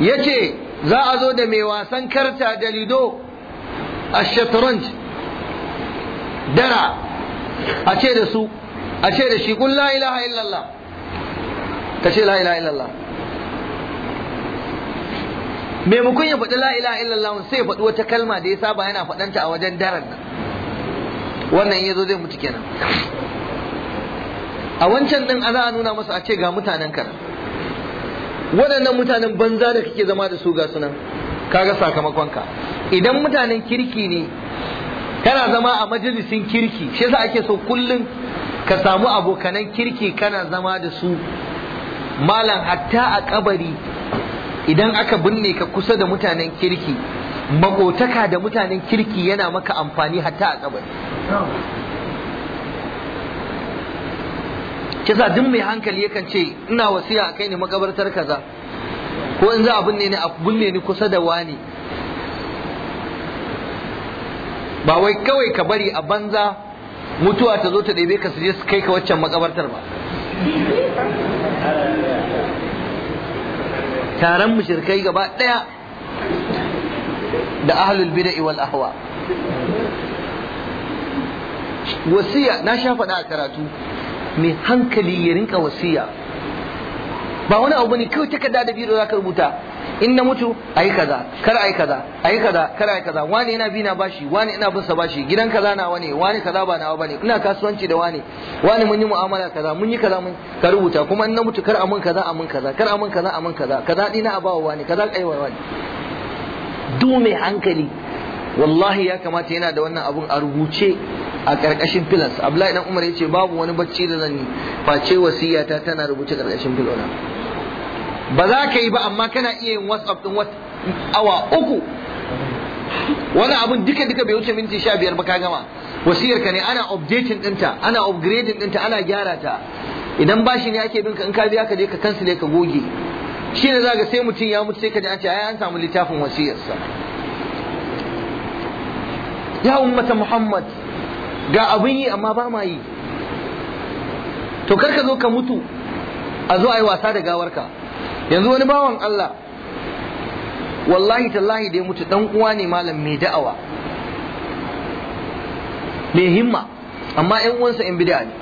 ya ce za a zo da mai wasan karta da lido a shatranj dara a ce da su a ce da shi kun la ilaha illallah ka ce la ilaha illallah me mukun ya faɗi la ilaha illallah sai ya faɗi wata kalma da ya saba yana faɗanta a wajen daren nan wannan ya zo zai mutu kenan a wancan ɗin za a nuna masa a ce ga mutanen ka waɗannan mutanen banza da kake zama da su ga sunan kaga sakamakonka idan mutanen kirki ne kana zama a majalisin kirki shi yasa ake so kullum ka samu abokanan kirki kana zama da su malam hatta a kabari idan aka binne ka kusa da mutanen kirki makotaka da mutanen kirki yana maka amfani hatta a kabari kisa duk mai hankali yakan ce ina wasiya a kai ne makabartar kaza ko in za a binne ni a binne kusa da wani ba wai kawai ka bari a banza mutuwa ta zo ta ɗebe ka suje su kai ka waccan makabartar ba taron mushirkai gaba ɗaya da ahlul bida'i wal ahwa wasiya na sha faɗa a karatu mai hankali ya rinka wasiya ba wani abu ne kawai takarda da biro ka rubuta in na mutu ayi kaza kar ayi kaza ayi kaza kar ayi kaza wani ina bi na bashi wani ina bin sa bashi gidan kaza na wani wani kaza ba nawa bane ina kasuwanci da wani wani mun yi mu'amala kaza mun yi kaza mun ka rubuta kuma in na mutu kar a mun kaza a mun kaza kar a mun kaza a mun kaza kaza dina a bawa wani kaza kaiwa wani du mai hankali wallahi ya kamata yana da wannan abun a rubuce a ƙarƙashin filas abdullahi dan umar ya ce babu wani bacci da zan face wasiyata tana rubuce ƙarƙashin filona ba za ka yi ba amma kana iya yin whatsapp din awa uku wani abun duka duka bai wuce minti sha biyar ba ka gama wasiyar ka ne ana updating dinta ana upgrading dinta ana gyara ta idan bashi ne ake binka in ka biya ka je ka kansile ka goge shi ne za ga sai mutum ya mutu sai ka ji an ce ai an samu littafin wasiyarsa ya ummata muhammad ga abin yi amma ba ma yi to karka zo ka mutu a zo a yi wasa da gawarka yanzu wani bawan Allah wallahi tallahi da ya mutu dan uwa ne malam mai da'awa mai himma amma yan uwansa yan bid'a ne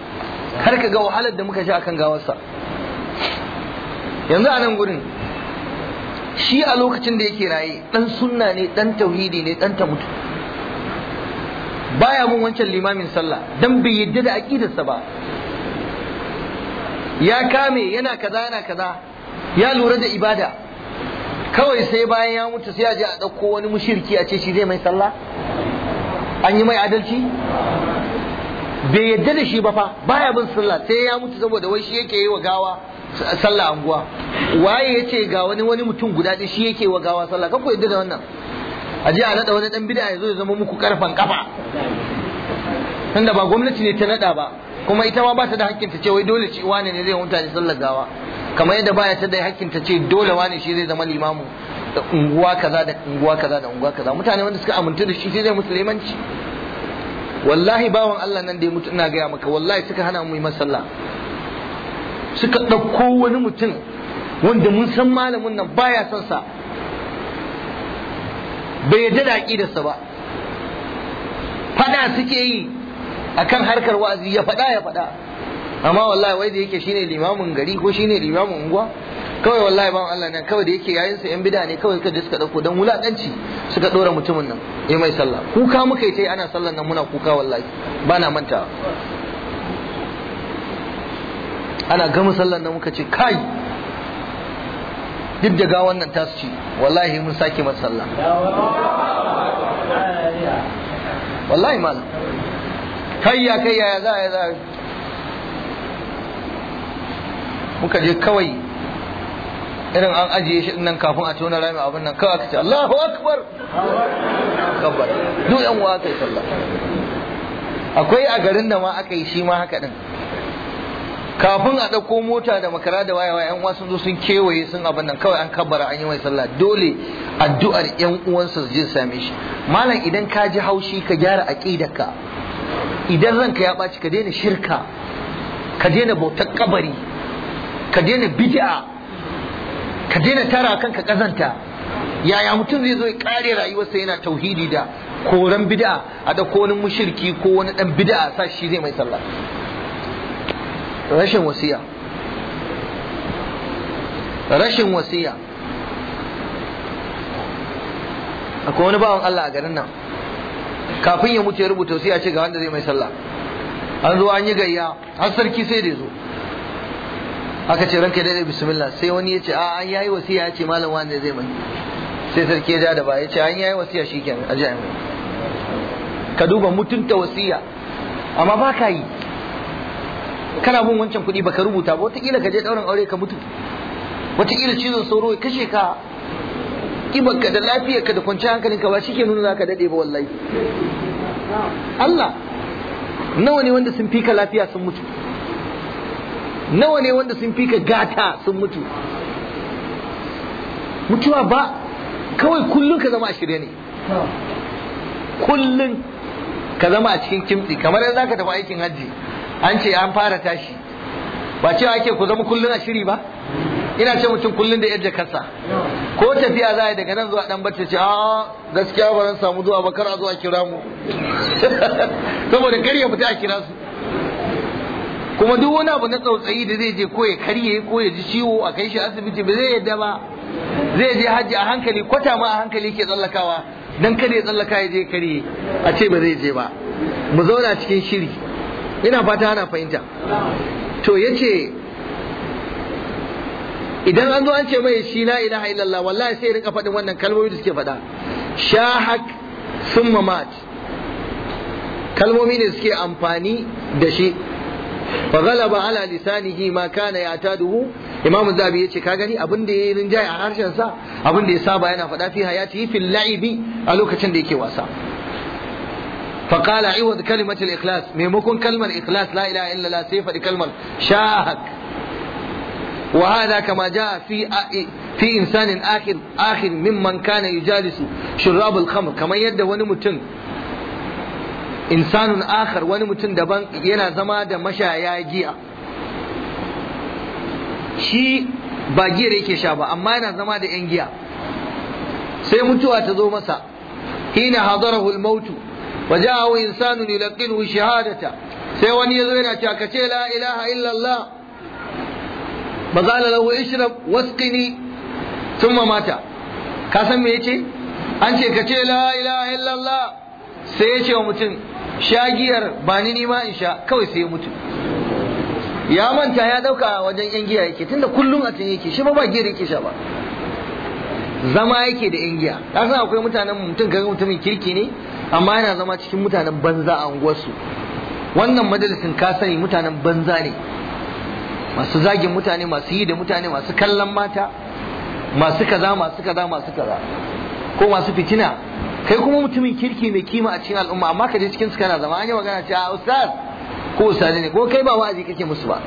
kar ka ga wahalar da muka sha akan gawarsa yanzu a nan gurin shi a lokacin da yake raye dan sunna ne dan tauhidi ne dan ta mutu baya bin wancan limamin sallah dan bai yadda da aqidarsa ba ya kame yana kaza yana kaza ya lura da ibada kawai sai bayan ya mutu sai a je a ɗauko wani mushirki a ce shi zai mai sallah an yi mai adalci bai yadda da shi ba fa baya bin sallah sai ya mutu saboda wai shi yake yi wa gawa sallah anguwa waye yace ga wani wani mutum guda ɗaya shi yake wa gawa sallah kanku yadda da wannan a je a nada wani dan bid'a ya zo ya zama muku karfan kafa tunda ba gwamnati ne ta nada ba kuma ita ma ba ta da hakkin ta ce wai dole ci wane ne zai mutane sallar gawa kamar yadda baya ta da hakkin ta ce dole wane shi zai zama limamu da unguwa kaza da unguwa kaza da unguwa kaza mutane wanda suka amintu da shi sai zai musulmanci wallahi bawan Allah nan da ya mutu ina gaya maka wallahi suka hana mu yi masalla suka ɗauko wani mutum wanda mun san malamin nan baya son sa bai yadda da su ba fada suke yi a kan harkar wa'azi ya fada ya fada amma wallahi wai da yake shine limamin gari ko shine limamin unguwa kawai wallahi ba Allah nan kawai da yake yayin sa yan bid'a ne kawai je suka dauko dan wulaƙanci suka dora mutumin nan eh mai sallah kuka muka yi yi ana sallan nan muna kuka wallahi Ba na manta. ana gama sallan nan muka ce kai duk da gawan nan ta su ci wallahi mun sake masa sallah wallahi mal kayya kayya ya za ya za muka je kawai irin an ajiye shi nan kafin a tona rami abin nan kawai aka ce Allahu akbar kabbar duk yan aka yi sallah akwai a garin da ma aka yi shi ma haka din kafin a ɗauko mota da makara da waya waya yan uwa sun sun kewaye sun abin nan kawai an kabara an yi mai sallah dole addu'ar yan uwansa su je same shi malam idan ka ji haushi ka gyara aqidarka idan ranka ya ɓaci ka daina shirka ka daina bautar kabari ka daina bid'a ka daina tara kanka kazanta yaya mutum zai zo ya kare rayuwarsa yana tauhidi da koran bid'a a ɗauko wani mushirki ko wani ɗan bid'a sa shi zai mai sallah rashin wasiya rashin wasiya akwai wani bawan Allah a garin nan kafin ya mutu ya rubuta wasiya ce ga wanda zai mai sallah an zo an yi gayya har sarki sai da zo aka ce ranka daidai bismillah sai wani ya ce a an yayi wasiya ya ce malam wanda zai mai sai sarki ya da ba ya ce an yayi wasiya shikenan aje a, ka duba mutunta wasiya amma ba ka yi kana bin wancan kuɗi baka rubuta ba wataƙila ka je ɗaurin aure ka mutu wataƙila cizon sauro ya kashe ka ka da lafiyarka da hankalin ka ba shi ke nuna za ka daɗe ba wallahi Allah nawa ne wanda sun fika lafiya sun mutu nawa ne wanda sun fika gata sun mutu mutuwa ba kawai kullum ka zama a shirye ne kullum ka zama a cikin kimtsi kamar yadda za ka tafi aikin hajji an ce an fara tashi ba cewa ake ku zama kullum a shiri ba ina ce mutum kullum da yadda kasa ko tafiya za a daga nan zuwa dan bacci ce a gaskiya ba zan samu zuwa bakar a zuwa kira mu saboda karya ya fita a kira su kuma duk wani abu na tsautsayi da zai je ko ya karye ko ya ji ciwo a kai shi asibiti ba zai yadda ba zai je hajji a hankali kwata ma a hankali ke tsallakawa dan kada ya tsallaka ya je karye a ce ba zai je ba mu zauna cikin shiri ina fata ana fahimta to yace idan an zo an ce mai shi la ilaha illallah wallahi sai rinka faɗin wannan kalmomi da suke faɗa shahak summa mat kalmomi ne suke amfani da shi fa ghalaba ala lisanihi ma kana ya'taduhu imam zabi yace ka gani abin da yayi rinjaye a harshen sa abin da ya saba yana faɗa fi hayati fil la'ibi a lokacin da yake wasa فقال عوض كلمة الإخلاص ميمكن كلمة الإخلاص لا إله إلا الله سيفة كلمة شاهك وهذا كما جاء في في إنسان آخر آخر ممن كان يجالس شراب الخمر كما يد ونمتن إنسان آخر ونمتن دبان ينا زما دا مشى يا جيا شي ba giyar yake sha ba amma yana zama da 'yan giya sai mutuwa ta zo masa hina hadarahu al-mautu وجاءه إنسان يلقنه شهادة سيوان يزوينا شاكتي لا إله إلا الله فقال له اشرب واسقني ثم مات كاسم يتي أنت كتي لا إله إلا الله سيشي ومتن شاجير بانيني ما إن شاء كوي سيمتن ya manta ya dauka wajen yan giya yake tunda kullum a yake shi ba ba yake ba zama yake da yan giya kasan akwai mutanen mutum kaga mutumin kirki ne amma yana zama cikin mutanen banza a unguwarsu wannan majalisin ka sani mutanen banza ne masu zagin mutane masu yi da mutane masu kallon mata masu kaza masu kaza masu kaza ko masu fitina kai kuma mutumin kirki mai kima a cikin al'umma amma ka je cikin su kana zama an yi magana ce a ah, ustaz ko ustaz ne ko kai ba wa'azi kake musu ba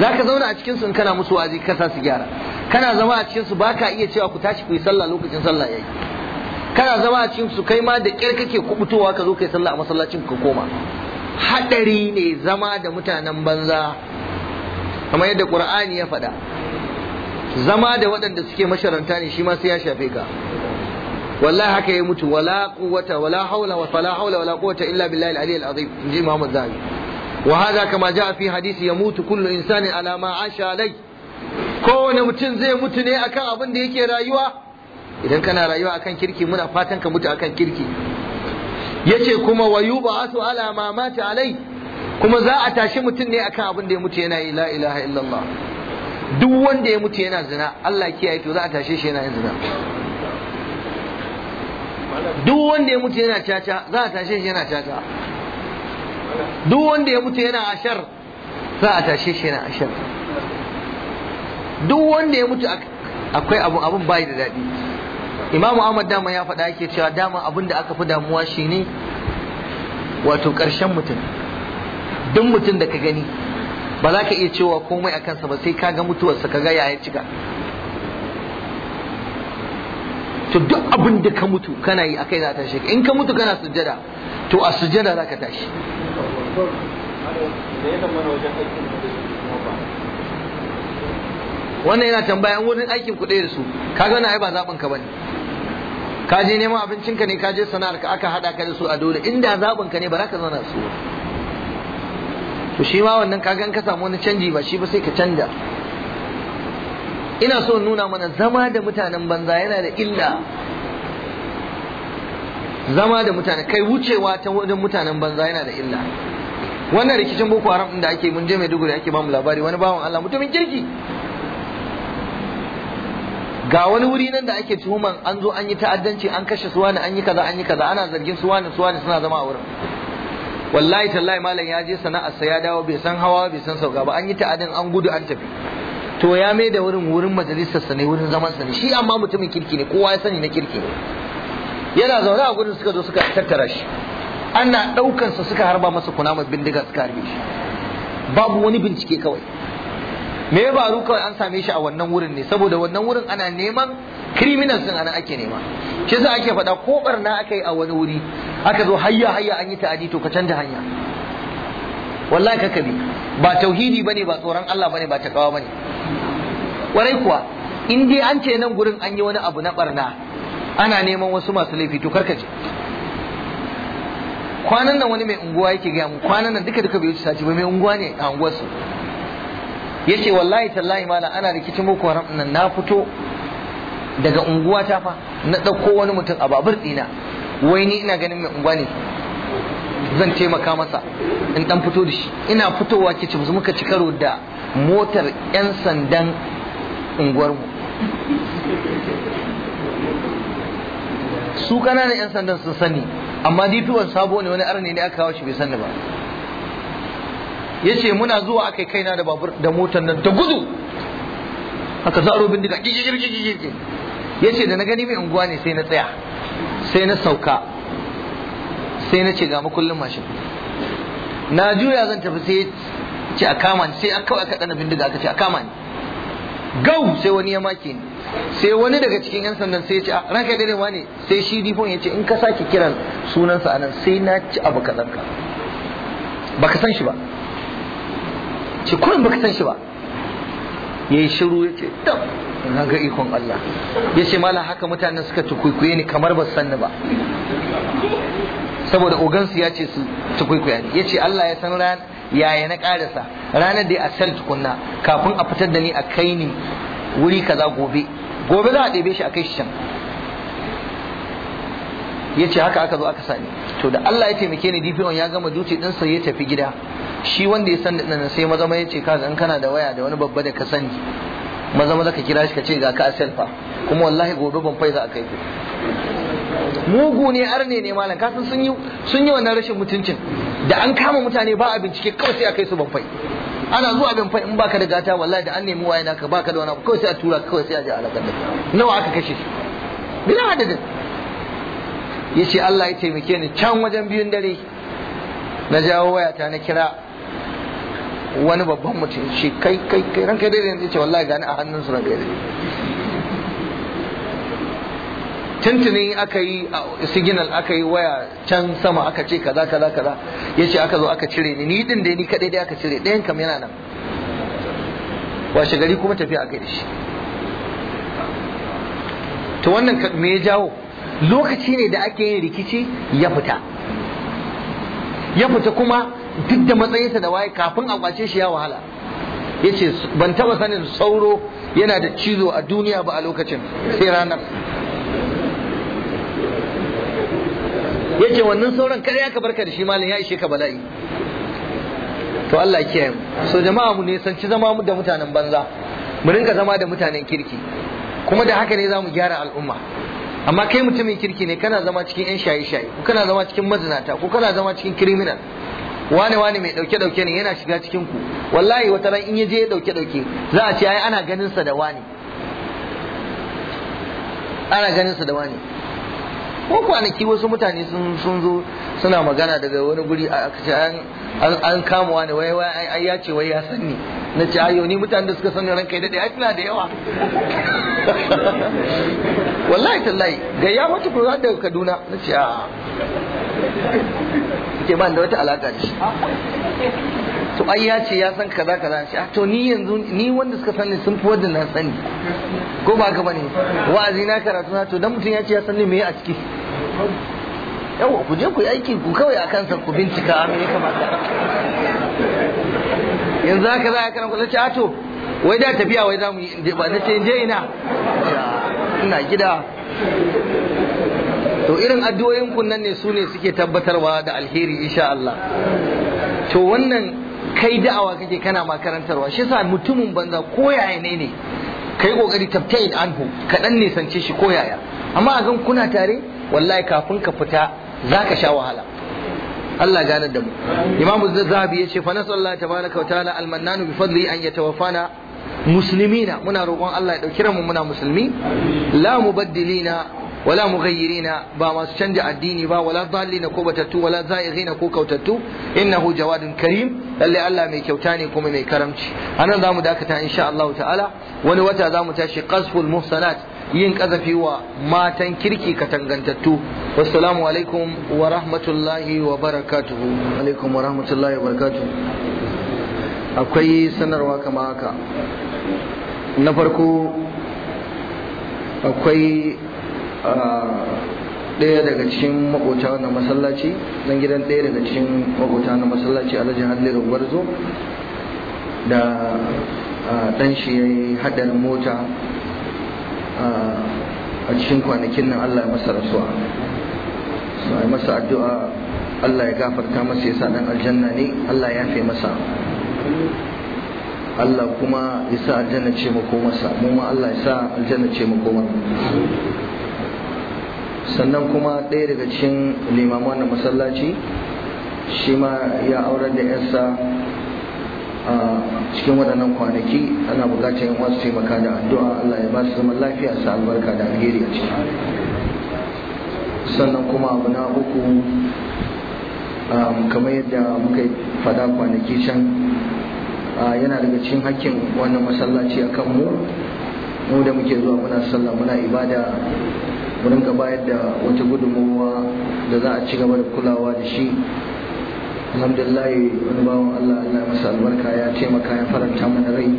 za ka zauna a cikin su in kana musu wa'azi ka sa su gyara kana zama a cikin su baka iya cewa ku tashi ku yi sallah lokacin sallah yayi kana zama a cikin su kai ma da kyar kake kubutowa ka zo kai sallah a masallacin ka koma Haɗari ne zama da mutanen banza kamar yadda ƙur'ani ya faɗa zama da waɗanda suke masharanta ne shi ma sai ya shafe ka wallahi haka ya mutu wala quwwata wala haula wa fala haula wala quwwata illa billahi al-ali al-azim inji muhammad zahabi wa hadha kama jaa fi hadisi yamutu kullu insanin ala ma asha alai kowane mutum zai mutu ne akan abin da yake rayuwa idan kana rayuwa akan kirki muna fatan ka mutu akan kirki yace kuma wa yub'athu ala ma mata alai kuma za a tashi mutum ne akan abin da ya mutu yana yi la ilaha illallah duk wanda ya mutu yana zina Allah kiyaye to za a tashe shi yana yin zina duk wanda ya mutu yana caca za a tashe shi yana caca duk wanda ya mutu yana ashar za a tashe shi yana ashar duk wanda ya mutu akwai abu, abun bai da dadi. imamu ahmad dama ya faɗa yake cewa dama abin da aka fi damuwa shi ne wato ƙarshen mutum duk mutum da ka gani ba za ka iya cewa komai a kansa ba sai ka ga mutuwarsa ka ga yaya cika to duk abin da ka mutu kana yi akai za ta tashi in ka mutu kana sujjada to a sujjada za ka tashi wannan yana tambaya wurin aikin ku da su kaga wannan ai ba zaɓin ka bane ka je neman abincinka ne ka je sana'ar ka aka haɗa ka da su a dole inda zaɓin ka ne ba za ka zauna su to shi ma wannan kaga in ka samu wani canji ba shi ba sai ka canja ina so nuna mana zama da mutanen banza yana da illa zama da mutane kai wucewa ta wajen mutanen banza yana da illa wannan rikicin boko haram da ake mun je mai da ake ba mu labari wani bawan Allah mutumin kirki ga wani wuri nan da ake tuhuman an zo an yi ta'addanci an kashe su wani an yi kaza an yi kaza ana zargin su wani su suna zama a wurin wallahi tallahi malam ya je sa ya dawo bai san hawa bai san sauka ba an yi ta'adin an gudu an tafi to ya mai da wurin wurin majalisarsa ne wurin zaman sa ne shi amma mutumin kirki ne kowa ya sani na kirki ne yana zaune a gurin suka zo suka tattara shi ana ɗaukansa suka harba masa kunamar bindiga suka harbe shi babu wani bincike kawai me ya faru kawai an same shi a wannan wurin ne saboda wannan wurin ana neman criminals din ana ake nema shi yasa ake faɗa ko barna aka yi a wani wuri aka zo hayya hayya an yi ta'adi to ka canja hanya wallahi ka kabi ba tauhidi bane ba tsoron Allah bane ba takawa bane warai kuwa in dai an ce nan gurin an yi wani abu na barna ana neman wasu masu laifi to karkace kwanan nan wani mai unguwa yake gaya mu kwanan nan duka duka bai wuce sati ba mai unguwa ne a unguwarsu ya ce wallahi tallahi malam ana rikicin boko haram nan na fito daga unguwa ta fa na ɗauko wani mutum a babur ɗina wai ni ina ganin mai unguwa ne zan taimaka masa in ɗan fito da shi ina fitowa ke ci muka ci da motar 'yan sandan unguwarmu su ƙananan 'yan sandan sun sani amma dituwan sabo ne wani arne ne aka kawo shi bai sani ba yace muna zuwa akai kaina da babur da motar nan ta gudu aka zaro bindiga gigigigigigi yace da na gani mai unguwa ne sai na tsaya sai na sauka sai na ce ga makullin mashin na juya zan tafi sai ce a kama ni sai kawai aka dana bindiga aka ce a kama ni gau sai wani ya make ni sai wani daga cikin yan sandan sai ya ce ranka dai ne sai shi difon ya ce in ka sake kiran sunansa anan sai na ci abu kaɗan ka baka san shi ba ce kurin baka san shi ba ya yi shiru ya ce dam na ga ikon Allah ya ce mala haka mutanen suka tukwikwiye ni kamar ba sanni ba saboda ogansu ya ce su tukwikwiya ya ce Allah ya san ran yaya na karasa ranar da ya asal tukunna kafin a fitar da ni a kai ni wuri kaza gobe gobe za a ɗebe shi a kai shi can ya ce haka aka zo aka sani to da Allah ya taimake ni DPO ya gama dutse din sai ya tafi gida shi wanda ya san nan sai maza mai ce kaza. in kana da waya da wani babba da ka sani maza maza ka kira shi ka ce ga ka selfa kuma wallahi gobe ban faiza akai ku mugu ne arne ne malam kasan sun yi sun yi wannan rashin mutuncin da an kama mutane ba a bincike kawai sai a kai su ban fai ana zuwa ban fai in baka da gata wallahi da an nemi waye naka baka da wani kawai sai a tura kawai sai a je a lakar da nawa aka kashe shi bila hadadin ya ce Allah ya taimake ni can wajen biyun dare na jawo wayata na kira wani babban mutum shi kai kai kai kai daidai ya ce wallahi gani a hannun su kai dai tuntuni aka yi signal aka yi waya can sama aka ce kaza kaza kaza ya ce aka zo aka cire ni ni din dai ni kadai dai aka cire ɗayan kam yana nan washe gari kuma tafiya aka yi da shi to wannan me ya jawo lokaci ne da ake yin rikici ya fita ya fita kuma duk da matsayinsa da waye kafin a kwace shi ya wahala ya ce ban taba sanin sauro yana da cizo a duniya ba a lokacin sai ranar ya ce wannan sauran kare ya barka da shi malin ya ishe ka bala'i to Allah ke mu so jama'a mu ne ci zama da mutanen banza mu rinka zama da mutanen kirki kuma da haka ne za mu gyara al'umma amma kai mutumin kirki ne kana zama cikin yan shaye-shaye ko kana zama cikin mazinata ko kana zama cikin criminal wane wane mai dauke dauke ne yana shiga cikin ku wallahi wata ran in ya je ya dauke dauke za a ce ai ana ganin sa da wane ana ganin sa da wani ko kwanaki wasu mutane sun sun zo suna magana daga wani guri aka ce an kama wani wai wai ai ya ce wai ya san ni? na ce ayo ni mutane da suka san ranka ya dai ai suna da yawa wallahi tallahi ga ya mata kura daga kaduna na ce a ah. ke ban da wata alaka da shi to ai ya ce ya san kaza kaza ce ah, to ni yanzu ni wanda suka sani sun fi wanda na sani ko ba ka bane wa'azi na karatu na to dan mutum ya ce ya ne me a ciki yawa ku je ku aiki ku kawai akan sa ku bincika me ya kamata yanzu haka za a karan ku ce a ah, to wai da tafiya wai za mu yi ba na ce je ina ina gida to irin addu'o'in kunnan ne su ne suke tabbatarwa da alheri insha Allah to wannan kai da'awa kake kana makarantarwa shi yasa mutumin banza ko yaya ne ne kai kokari in anhu kaɗan sance shi ko yaya amma a gan kuna tare wallahi kafin ka fita zaka sha wahala Allah ganar da mu Imam Zahabi ya ce fa nasallahu tabaraka wa ta'ala al-mannanu bi fadli an yatawaffana muslimina muna roƙon Allah ya ɗauki mu muna musulmi la mubaddilina wala mughayyirina ba masu canja addini ba wala dallina ko batattu wala za'ighina ko kautattu innahu jawadun karim lalle Allah mai kyauta ne kuma mai karamci anan zamu dakata insha Allah ta'ala wani wata zamu tashi qasful muhsanat yin kazafi wa matan kirki katangantattu wassalamu alaikum wa rahmatullahi wa barakatuhu alaikum wa rahmatullahi wa barakatuhu akwai sanarwa kama haka na farko akwai ɗaya daga cikin makota na masallaci nan gidan ɗaya daga cikin makota na masallaci alhaji rubar zo da ɗan shi ya yi haɗar mota a cikin kwanakin nan allah ya masa rasuwa su a yi masa addu'a allah ya gafarta masa ya sa ɗan aljanna ne allah ya fi masa Allah kuma ya sa aljanna ce makomarsa mu ma Allah ya sa aljanna ce makomar sannan kuma ɗaya daga cikin limaman na masallaci shi ma ya aurar da yarsa a cikin waɗannan kwanaki ana buƙatar yin wasu taimaka da addu'a Allah ya ba su zaman lafiya su albarka da alheri a ciki sannan kuma abu na uku um, kamar yadda muka faɗa kwanaki can yana daga cikin hakkin wannan masallaci akan mu mu da muke zuwa muna sallah muna ibada mu rinka bayar da wata gudunmuwa da za a ci gaba da kulawa da shi alhamdulillah wani bawan Allah Allah masa albarka ya taimaka ya faranta mana rai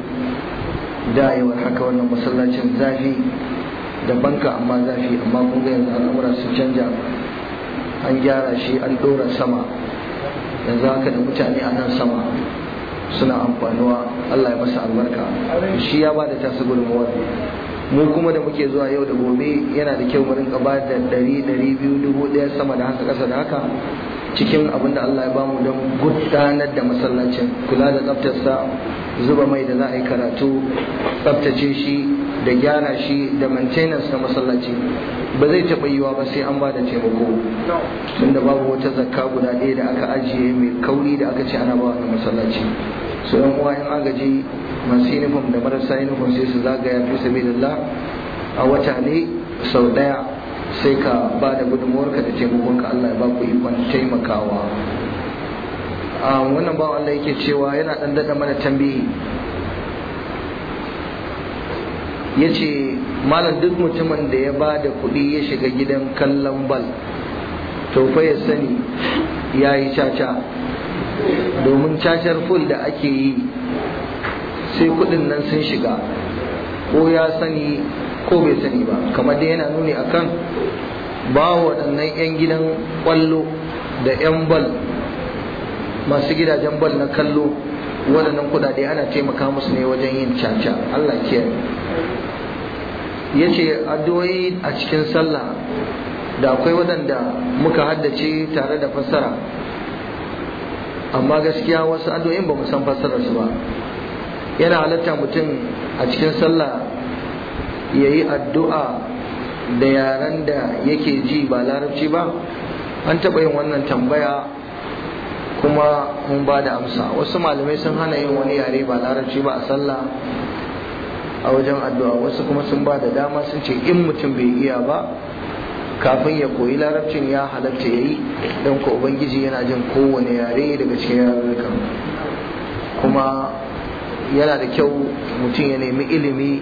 da yawar haka wannan masallacin zafi da banka amma zafi amma kun ga yanzu al'amura sun canja an gyara shi an dora sama yanzu haka da mutane a nan sama suna amfanuwa Allah ya masa albarka shi ya ba bada tasu gudunmuwar mu kuma da muke zuwa yau da gobe yana da kyau mu rinka ba da ɗari ɗari biyu dubu ɗaya sama da haka ƙasa da haka cikin abin da Allah ya bamu don gudanar da masallacin kula da tsaftarsa zuba mai da za a yi karatu tsaftace shi da gyara shi da maintenance na masallaci ba zai taɓa yiwa ba sai an ba da taimako tunda babu wata zakka guda ɗaya da aka ajiye mai kauri da aka ce ana ba wa masallaci su yan uwa yan agaji masu uniform da marasa uniform sai su zagaya fi sabilillah a wata ne sau ɗaya sai ka ba da gudunmuwarka da taimakonka Allah ya ba ku ikon taimakawa ah, wannan bawan Allah yake cewa yana ɗan daɗa mana tambihi ya ce malam duk mutumin da ya ba da kuɗi ya shiga gidan kallon bal to fa ya sani ya yi caca domin cacar ful da ake yi sai kuɗin nan sun shiga ko ya sani ko bai sani ba kamar da yana nuni akan ba waɗannan 'yan gidan ƙwallo da 'yan bal masu gidajen bal na kallo waɗannan kuɗaɗe ana taimaka musu ne wajen yin caca Allah ke ya ce addu'o'i a cikin sallah da akwai waɗanda muka haddace tare da fassara amma gaskiya wasu addu'o'in ba mu san su ba yana halatta mutum a cikin sallah ya yi addu'a da yaren da yake ji ba larabci ba an taɓa yin wannan tambaya kuma mun ba da amsa wasu malamai sun hana yin wani yare ba larabci ba a sallah a wajen addu'a wasu kuma sun ba da dama sun ce in mutum bai iya ba kafin ya koyi larabcin ya halatta ya yi don ko ubangiji yana jin kowane yare daga cikin yarurrukan kuma yana da kyau mutum ya nemi ilimi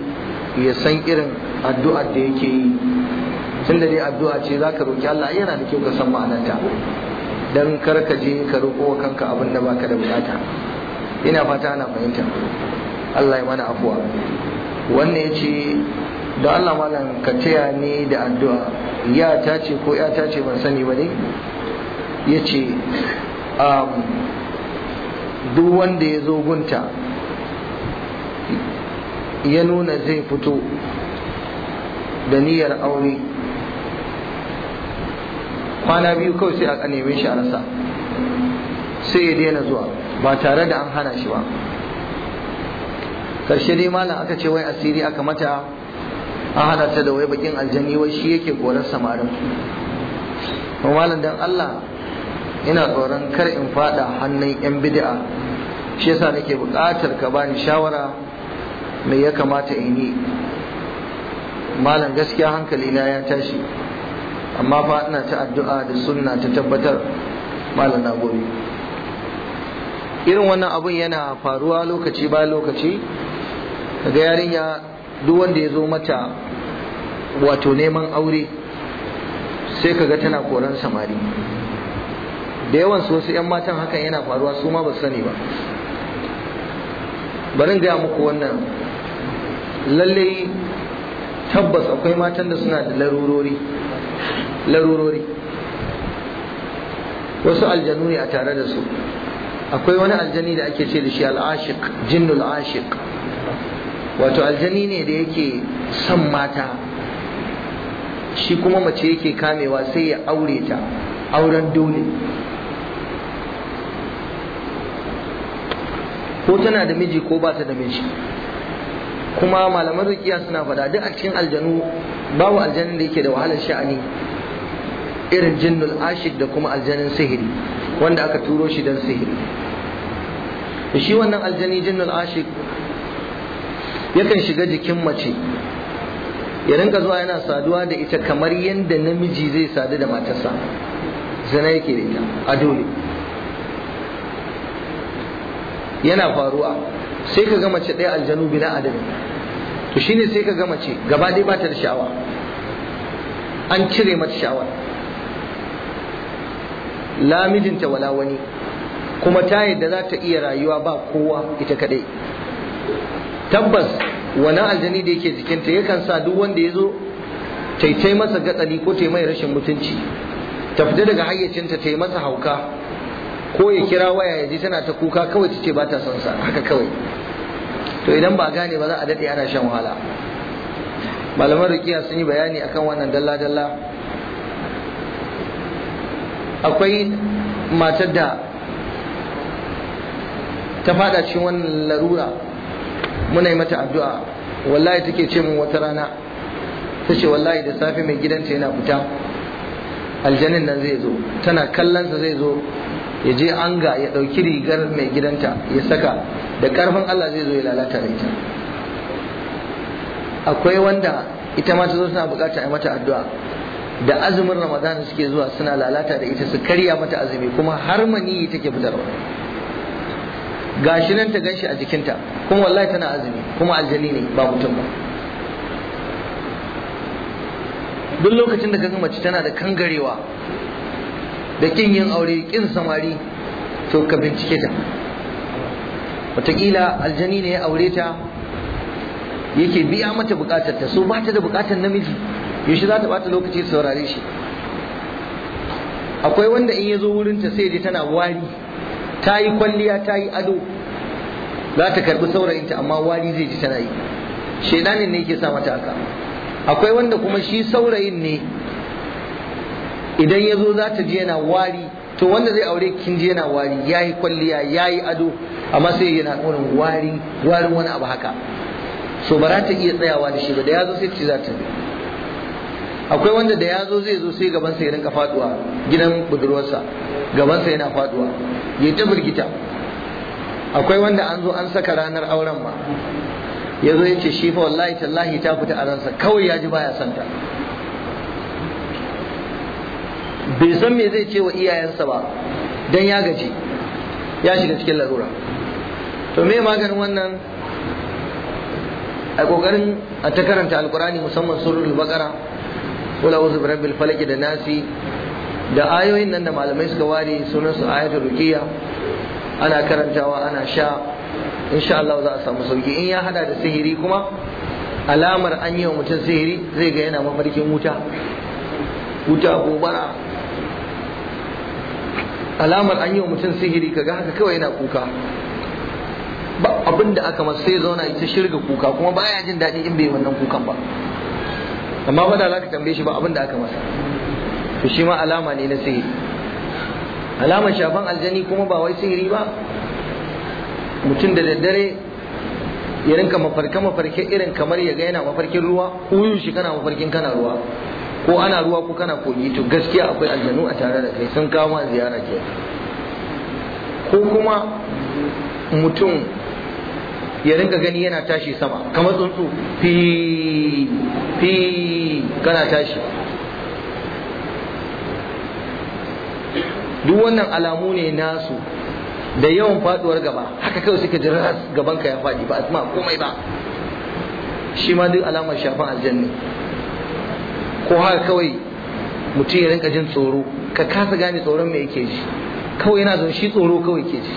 ya san irin addu'a da yake yi tun da dai addu'a ce za ka roƙi Allah yana da kyau ka san ma'ananta. dan karka je ka roƙo kanka abin da baka da bukata ina fata ana fahimta Allah ya mana afuwa wannan ya ce da Allah malam ka taya ni da addu'a ya ta ce ko ya ta ce ban sani ba ne ya ce duk wanda ya zo gunta ya nuna zai fito da niyyar aure kwana biyu kawai sai a neme shi a rasa sai ya daina zuwa ba tare da an hana shi ba karshe dai malam aka ce wai asiri aka mata an hana ta da wai bakin aljani wai shi yake korar samarin kuma malam dan Allah ina tsoron kar in fada hannun yan bid'a shi yasa nake buƙatar ka bani shawara me ya kamata in yi malam gaskiya hankali na ya tashi amma fa ina ta addu'a da sunna ta tabbatar malam na gobe irin wannan abun yana faruwa lokaci ba lokaci ga yarinya duk wanda ya zo mata wato neman aure sai kaga tana koran samari da yawan su wasu 'yan matan hakan yana faruwa su ma ba sani ba bari gaya muku wannan lallai tabbas akwai matan da suna da larurori larurori wasu aljanu ne a tare da su akwai wani aljani da ake ce da shi al'ashik jinnul ashik wato aljani ne da yake son mata shi kuma mace yake kamewa sai ya aure ta auren dole ko tana da miji ko ba ta da miji kuma malaman rukiya suna fada duk a cikin aljanu babu aljanin da yake da wahalar sha'ani irin jinnul ashid da kuma aljanin sihiri wanda aka turo shi don sihiri shi wannan aljani jinnul ashid yakan shiga jikin mace ya rinka zuwa yana saduwa da ita kamar yadda namiji zai sadu da matarsa zina yake da ita a dole yana faruwa sai ka ga mace ɗaya aljanu bila adadin to shine sai ka ga mace gaba ɗaya ba ta da sha'awa an cire mata sha'awa lamidinta wala wani kuma ta yadda za ta iya rayuwa ba kowa ita kaɗai tabbas wani aljani da yake jikinta yakan sa duk wanda ya zo taitai masa gatsali ko taimai rashin mutunci ta fita daga hayyacinta ta yi masa hauka ko ya kira waya ya ji tana ta kuka kawai ta ce ba ta son sa haka kawai to idan ba gane ba za a daɗe ana shan wahala malaman rikiya sun yi bayani akan wannan dalla-dalla akwai matar da ta fada cikin wannan larura muna yi mata addu'a wallahi take ce min wata rana ta ce wallahi da safe mai gidanta yana fita aljanin nan zai zo tana kallonsa zai zo ya je anga ya ɗauki rigar mai gidanta ya saka da ƙarfin Allah zai zo ya lalata da ita akwai wanda ita ma ta zo suna bukata a mata addu'a da azumin ramadan suke zuwa suna lalata da ita su karya mata azumi kuma har maniyi take fitarwa gashi nan ta ganshi a jikinta kuma wallahi tana azumi kuma aljani ne ba mutum ba duk lokacin da kaga mace tana da kangarewa da kin yin aure kin samari to ka bincike ta wataƙila aljani ne ya aure ta yake biya mata buƙatar ta so ba ta da buƙatar namiji yaushe za ta bata lokaci saurare shi akwai wanda in ya zo wurinta sai dai tana wari ta yi kwalliya ta yi ado za ta karɓi saurayinta amma wari zai ji tana yi shaidanin ne yake sa mata haka akwai wanda kuma shi saurayin ne idan ya zo za ta ji yana wari to wanda zai aure kin ji yana wari ya yi kwalliya ya yi ado amma sai yana wurin wari warin wani abu haka so ba za ta iya tsayawa da shi ba da ya zo sai ci za ta akwai wanda da ya zo zai zo sai gabansa ya rinka faduwa gidan budurwarsa gabansa yana faduwa ya ta birgita akwai wanda an zo an saka ranar auren ma ya zo ya ce shi fa wallahi tallahi ta fita a ransa kawai ya ji baya santa bai san me zai ce wa iyayensa ba dan ya gaji ya shiga cikin larura to me maganin wannan a kokarin a ta karanta alkurani musamman surul baqara qul uzu rabbil falaki da nasi da ayoyin nan da malamai suka ware sunan su ayatul ruqiyya ana karantawa ana sha insha Allah za a samu sauki in ya hada da sihiri kuma alamar an yi wa mutum sihiri zai ga yana mafarkin wuta wuta gobara alamar an yi wa mutum sihiri kaga haka kawai yana kuka ba abin aka masa sai zauna ita shirga kuka kuma baya jin daɗi in bai wannan kukan ba amma ba da za ka tambaye shi ba abin aka masa to shi ma alama ne na sihiri alamar shafan aljani kuma ba wai sihiri ba mutum da daddare ya rinka mafarke mafarke irin kamar ya ga yana mafarkin ruwa uyun shi kana mafarkin kana ruwa ko ana ruwa ko kana kogi to gaskiya akwai aljanu a tare da kai sun kawo ma ziyara ke ko kuma mutum ya rinka gani yana tashi sama kamar tsuntsu fi fi kana tashi duk wannan alamu ne nasu da yawan faduwar gaba haka kawai suka ji ras gabanka ya fadi ba a komai ba shi ma duk alamar shafan aljanni. ko haka kawai mutum ya rinka jin tsoro ka kasa gane tsoron me yake ji kawai yana zaune shi tsoro kawai ke ji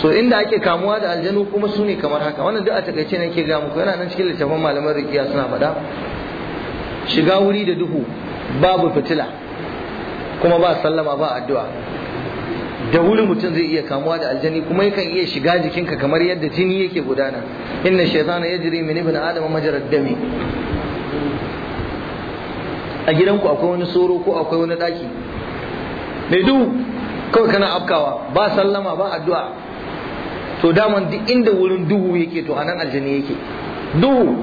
so inda ake kamuwa da aljanu kuma su ne kamar haka wannan duk a takaice ne ke ga muku yana nan cikin littafin malaman rikiya suna faɗa shiga wuri da duhu babu fitila kuma ba sallama ba addu'a da wuri mutum zai iya kamuwa da aljani kuma yakan iya shiga jikinka kamar yadda jini yake gudana inna shaytana yajri min ibn adam majrad dami a gidanku akwai wani soro ko akwai wani daki mai duhu kawai kana afkawa ba sallama ba addu'a to daman duk inda wurin duhu yake to anan aljani yake duhu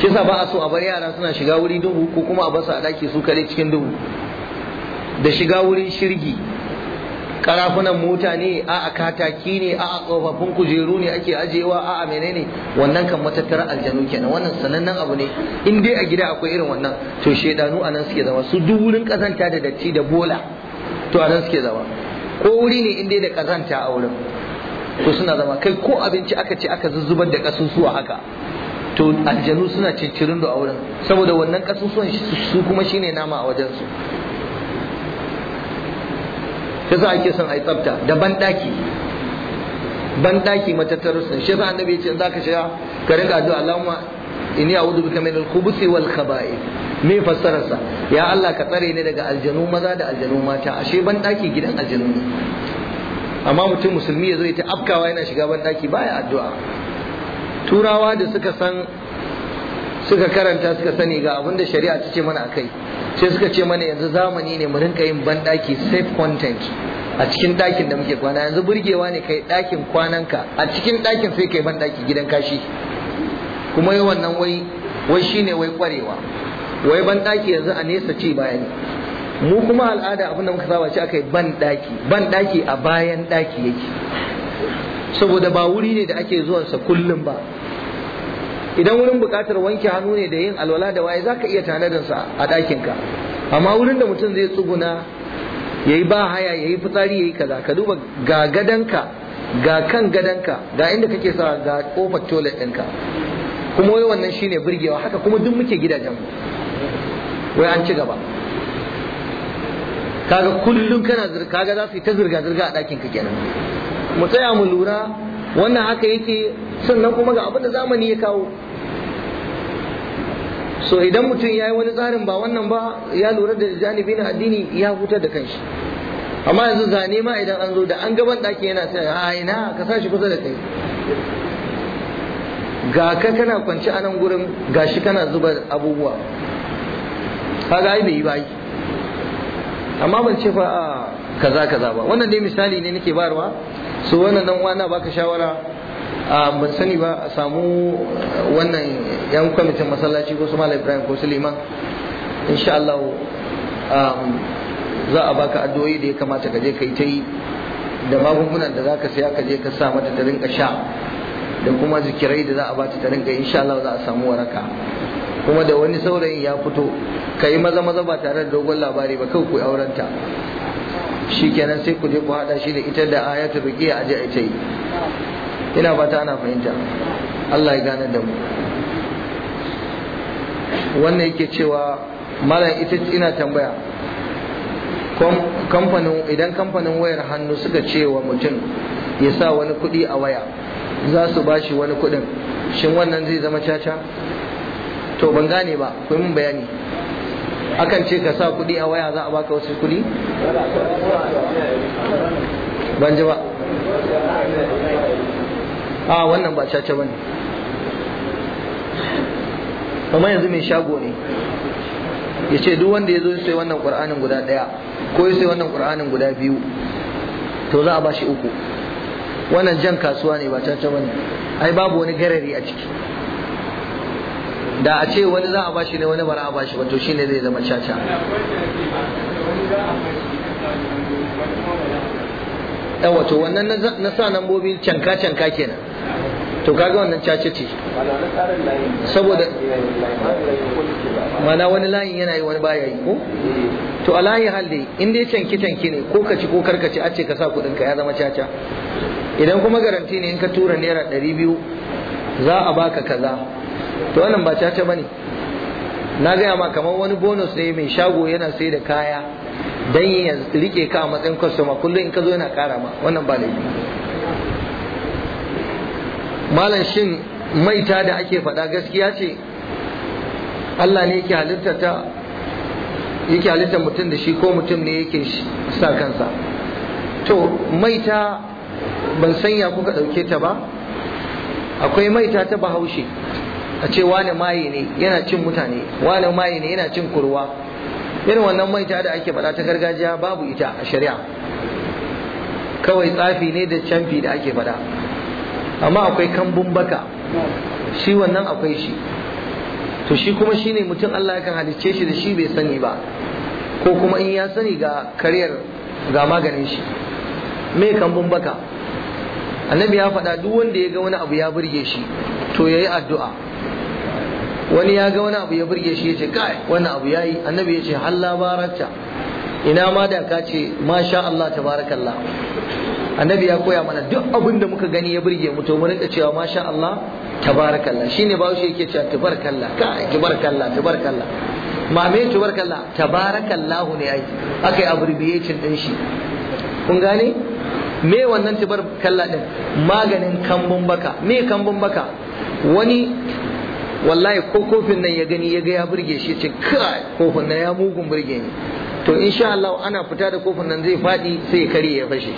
shi yasa ba a so a bar yara suna shiga wuri duhu ko kuma a basu a daki su kare cikin duhu da shiga wurin shirgi karafunan mota ne a a kataki ne a a tsofaffin kujeru ne ake ajewa a a menene wannan kan matattarar aljanu kenan wannan sanannen abu ne in dai a gida akwai irin wannan to shedanu a nan suke zama su duk wurin kazanta da datti da bola to a nan suke zama ko wuri ne in dai da kazanta a wurin to suna zama kai ko abinci aka ce aka zuzzubar da kasusuwa haka to aljanu suna cincirin da a wurin saboda wannan kasusuwan su kuma shine nama a wajensu su shi a ake son a yi tsafta da banɗaki banɗaki matattar sun. shi za annabi ya ce za ka shiga ka rinka addu'a yi a a'udhu bika min al wal khaba'ith me fassararsa ya Allah ka tsare ni daga aljanu maza da aljanu mata ashe banɗaki gidan aljanu amma mutum musulmi ya zo ya ta afkawa yana shiga banɗaki baya addu'a turawa da suka san suka karanta suka sani ga abin shari'a ta ce mana a kai sai suka ce mana yanzu zamani ne mu rinka yin banɗaki safe content a cikin ɗakin da muke kwana yanzu burgewa ne kai ɗakin kwananka a cikin ɗakin sai kai banɗaki gidan kashi kuma yi wannan wai wai shine wai kwarewa wai banɗaki yanzu a nesa ci baya mu kuma al'ada abin da muka saba ce aka yi banɗaki banɗaki a bayan ɗaki yake saboda ba wuri ne da ake zuwansa kullum ba idan wurin buƙatar wanke hannu ne da yin alwala da waye zaka iya sa a ɗakinka amma wurin da mutum zai tsuguna ya yi ba haya ya yi fitsari ya yi kaza ka duba ga gadonka, ga kan gadanka ga inda kake sa ga kofar toilet ɗinka kuma wai wannan shine burgewa haka kuma duk muke gidajen wai an ci gaba kaga kullum kana zirga kaga za su yi ta zirga zirga a ɗakin ka kenan mu tsaya mu lura wannan haka yake sannan kuma ga abin zamani ya kawo so idan mutum ya yi wani tsarin ba wannan ba ya lura da janibi na addini ya hutar da kanshi amma yanzu zane ma idan an zo da an gaban ɗaki yana sai a ina ka sa shi kusa da kai ga ka kana kwanci a nan gurin ga shi kana zuba abubuwa kaga ai bai yi ba amma ban ce fa kaza kaza ba wannan dai misali ne nake barwa Su wannan dan wana baka shawara a ban sani ba a samu wannan yan kwamitin masallaci ko su ibrahim ko su liman insha Allah za a baka addu'o'i da ya kamata ka je ka yi ta yi da magungunan da zaka saya ka je ka sa mata ta rinka sha da kuma zikirai da za a bata ta rinka insha Allah za a samu waraka kuma da wani saurayin ya fito ka yi maza maza ba tare da dogon labari ba kai ku aurenta shi kenan sai ku je ku haɗa shi da ita da ayatul ruqiya a ai tai ina fata ana fahimta Allah ya gane da mu wannan yake cewa mara ita ina tambaya kamfanin idan kamfanin wayar hannu suka ce wa mutum ya sa wani kuɗi a waya za su ba shi wani kuɗin shin wannan zai zama caca to ban gane ba ku min bayani akan ce ka sa kuɗi a waya za a baka wasu kuɗi ban ji ba a wannan ba caca bane kamar yanzu mai shago ne ya ce duk wanda ya zo sai wannan ƙur'anin guda ɗaya ko ya sai wannan ƙur'anin guda biyu to za a ba shi uku wannan jan kasuwa ne ba caca bane ai babu wani garari a ciki da a ce wani za a bashi ne wani ba a bashi ba to shine zai zama caca yan wato wannan na sa nambobi canka canka kenan to kaga wannan caca ce saboda mana wani layin yana yi wani baya yi ko to a layin hal dai in dai canki canki ne ko ka ci ko karkaci ci a ce ka sa kudin ka ya zama caca idan kuma garanti ne in ka tura naira ɗari biyu za a baka kaza to wannan ba caca bane na gaya ma kamar wani bonus ne mai shago yana sai da kaya dan ya rike ka a matsayin customer kullum in ka zo yana kara ma wannan ba laifi malam shin maita da ake faɗa gaskiya ce Allah ne yake halitta ta yake halitta mutum da shi ko mutum ne yake sa kansa to maita ban sanya kuka ɗauke ta ba akwai maita ta bahaushe a ce wane maye ne yana cin mutane wane maye ne yana cin kurwa irin wannan maita da ake faɗa ta gargajiya babu ita a shari'a kawai tsafi ne da canfi da ake faɗa amma akwai kambun baka shi wannan akwai shi to shi kuma shine mutum Allah kan halicce shi da shi bai sani ba ko kuma in ya sani ga kariyar ga maganin shi me kambun baka annabi ya faɗa duk wanda ya ga wani abu ya burge shi to yayi addu'a wani ya ga wani abu ya burge shi ya ce kai wani abu ya yi annabi ya ce halla barakta ina ma da ka ce masha Allah tabarakallah annabi ya koya mana duk abin da muka gani ya burge mu to mu rinka cewa masha Allah tabarakallah shine ba shi yake cewa tabarakallah kai tabarakallah tabarakallah ma me tabarakallah tabarakallahu ne ai akai abbreviation din shi kun gane me wannan tibar kalla din maganin kambun baka me kambun baka wani wallahi ko kofin nan ya gani ya ga ya burge shi ce kai kofin nan ya mugun burge ni to insha Allah ana fita da kofin nan zai fadi sai ya kare ya fashe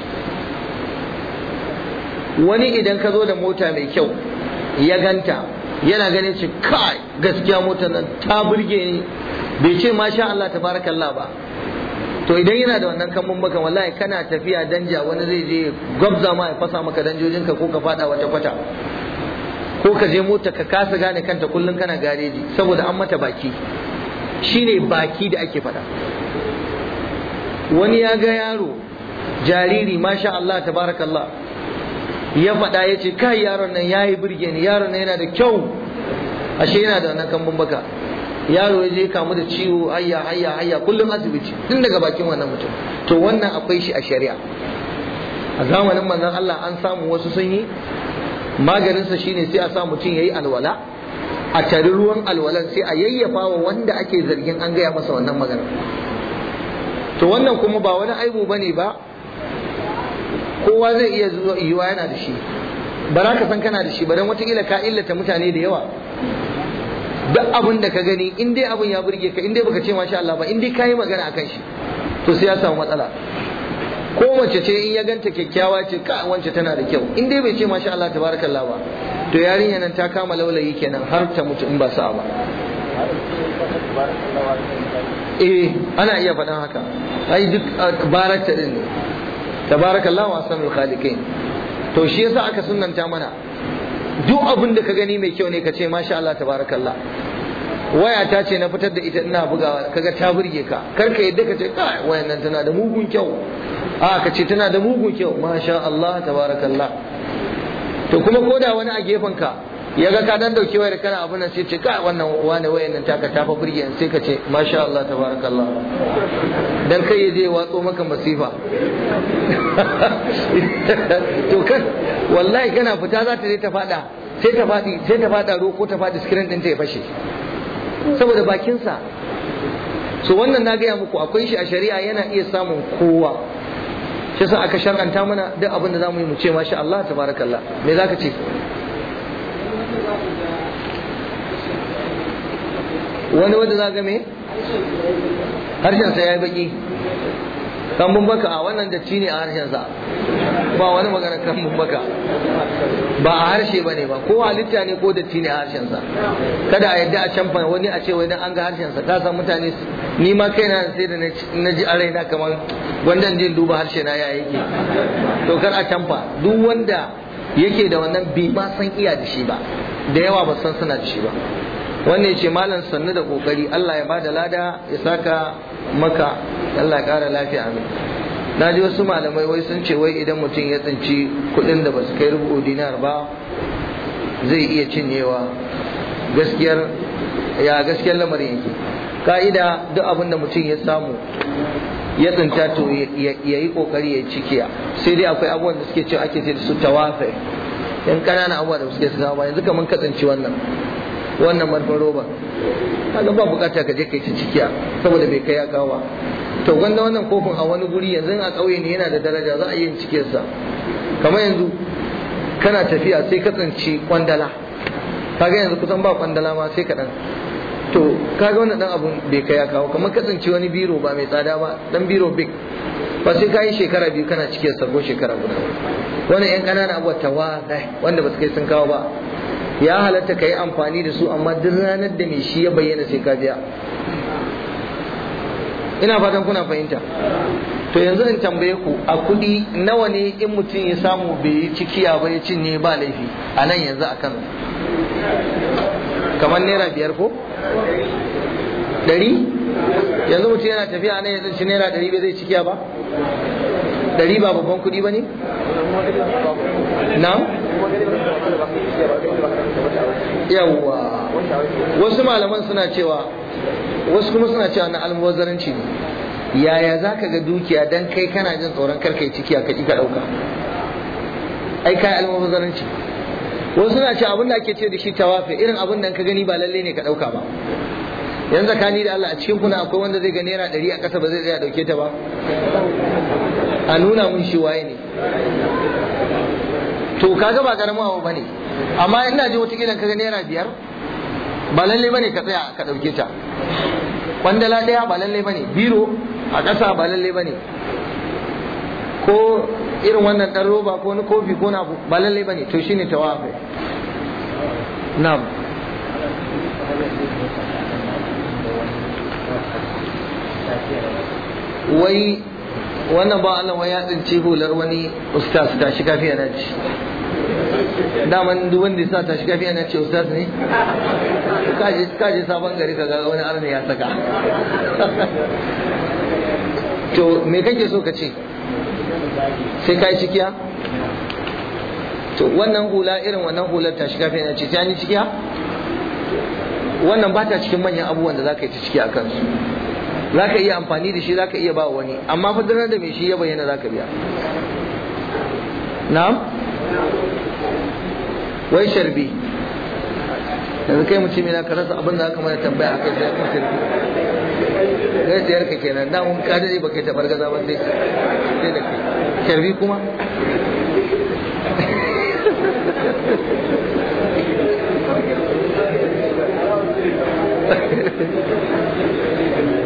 wani idan ka zo da mota mai kyau ya ganta yana ganin ce kai gaskiya motar nan ta burge ni bai ce masha Allah tabarakallah ba to idan yana da wannan kambun baka wallahi kana tafiya danja wani zai je gwabza ma ya fasa maka ka ko ka fada wata kwata ko ka je mota ka kasa gane kanta kullun kana gareji saboda an mata baki shine baki da ake faɗa wani ya ga yaro jariri masha Allah tabarakallah ya faɗa ya ce kai yaron nan ya yi birge ni yaron nan yana da kyau ashe yana da wannan kambun baka yaro ya je kamu da ciwo ayya ayya ayya kullum asibiti tun daga bakin wannan mutum to wannan akwai shi a shari'a a zamanin manzon Allah an samu wasu sun yi maganinsa shine sai a sa mutum yayi alwala a tari ruwan alwalan sai a yayyafa wa wanda ake zargin an gaya masa wannan magana to wannan kuma ba wani aibu bane ba kowa zai iya zuwa yana da shi ba za ka san kana da shi ba dan watakila ka illata mutane da yawa duk abin da ka gani in dai abin ya burge ka in dai baka ce ma sha Allah ba in dai kayi magana akan shi to sai ya samu matsala ko mace ce in ya ganta kyakkyawa ce ka wance tana da kyau in dai bai ce ma sha Allah tabarakallah ba to yarinya nan ta kama laulayi kenan har ta mutu in ba sa'a ba eh ana iya faɗan haka ai duk ah, barakta din ne tabarakallah wa sanul khaliqin to shi yasa aka sunnanta mana duk abin da ka gani mai kyau ne ka ce masha Allah tabarakallah waya ta ce na fitar da ita ina bugawa kaga ta burge ka kar ka yadda ka ce kai wayan nan tana da mugun kyau a ka ce tana da mugun kyau masha Allah tabarakallah to kuma koda wani a gefen ka ya ga ka dan dauki wayar kana abun nan sai ce ka wannan wani wayar nan taka tafa burge sai ka ce masha Allah tabarakallah dan kai ya je watso maka masifa to kan wallahi kana fita za ta je ta fada sai ta fadi sai ta fada ro ko ta fadi screen din ta ya fashe saboda bakin sa so wannan na gaya muku akwai shi a shari'a yana iya samun kowa shi sa aka shar'anta mana duk abin da zamu yi mu ce masha Allah tabarakallah me zaka ce wani wanda za game harshen harshensa ya yi baki kan baka a wannan da ne a harshensa ba wani magana kan baka ba a harshe ba ne ba ko halitta ne ko da ne a harshensa kada a yadda a canfa wani a ce wai an ga harshensa ka san mutane ni ma kaina sai da na ji a na kamar gwandan jin duba harshe na ya yake to kar a canfa duk wanda yake da wannan bi ma san iya da shi ba da yawa ba san suna da shi ba wannan ce malam sannu da kokari Allah ya bada lada ya saka maka Allah ya kara lafiya amin na ji wasu malamai wai sun ce wai idan mutum ya tsinci kuɗin da ba su kai rubu dinar ba zai iya cinyewa gaskiyar ya gaskiyar lamarin yake ka'ida duk abin da mutum ya samu ya tsinta to ya yi kokari ya cikiya sai dai akwai abubuwan da suke cewa ake sai su tawafe yan kananan abubuwa da suke su ba yanzu kamar ka tsinci wannan wannan marfin roba kaga ba bukata ka je kai ci cikiya saboda bai kai ya kawo to gwanda wannan kofin a wani guri yanzu a ƙauye ne yana da daraja za a yi cikiyarsa kamar yanzu kana tafiya sai ka tsinci kwandala kaga yanzu kusan ba kwandala ma sai kaɗan to kaga wannan dan abun bai kai ya kawo kamar kasance wani biro ba mai tsada ba dan biro big ba sai ka shekara biyu kana cikin sargo shekara guda wannan yan kanana abuwa tawa wanda ba su kai sun kawo ba ya halatta ka yi amfani da su amma duk ranar da mai shi ya bayyana sai ka biya ina fatan kuna fahimta to yanzu in tambaye ku a kuɗi nawa ne in mutum ya samu bai yi cikiya ba ya cinye ba laifi a nan yanzu a kano kamar naira biyar ko ɗari yanzu mutum yana tafiya nan ya ci naira ɗari bai zai cikiya ba ɗari ba babban kuɗi ba ne na yawwa wasu malaman suna cewa wasu kuma suna cewa na almubazzaranci ne yaya za ka ga dukiya don kai kana jin tsoron karkai ciki a kaɗi ka ɗauka ai kai almubazzaranci wasu suna ce abin da ake ce da shi tawafi irin abin da ka gani ba lalle ne ka dauka ba yanzu ni da Allah a cikin kuna akwai wanda zai ga naira ɗari a ƙasa ba zai tsaya dauke ta ba a nuna mun shi waye ne to kaga ba karamin abu ne amma ina ji wata ka kaga naira biyar ba lalle bane ka tsaya ka dauke ta kwandala ɗaya ba lalle bane biro a ƙasa ba lalle bane ko irin wannan dan roba ko wani kofi ko na ba lallai bane to shine tawafi na'am wai wannan ba Allah wai ya tsinci hular wani ustaz ta shi kafiya na ci daman duk wanda ya sa ta shiga kafiya na ce ustaz ne kaje sabon gari ka ga wani arna ya saka to me kake so ka ce sai ka cikiya to wannan hula irin wannan hular ta shiga fena ce ta yi cikiya wannan ba ta cikin manyan abubuwan da za ka yi ta ciki a kansu za ka iya amfani da shi za ka iya ba wani amma fa da mai shi ya bayyana za ka biya na'am wai sharbi yanzu kai mutum yana karasa abin da aka mana tambaya a kai sai kun shirki kai tsayar ka kenan da mun ka dade baka tabar gaza ba sai sai da kai sharbi kuma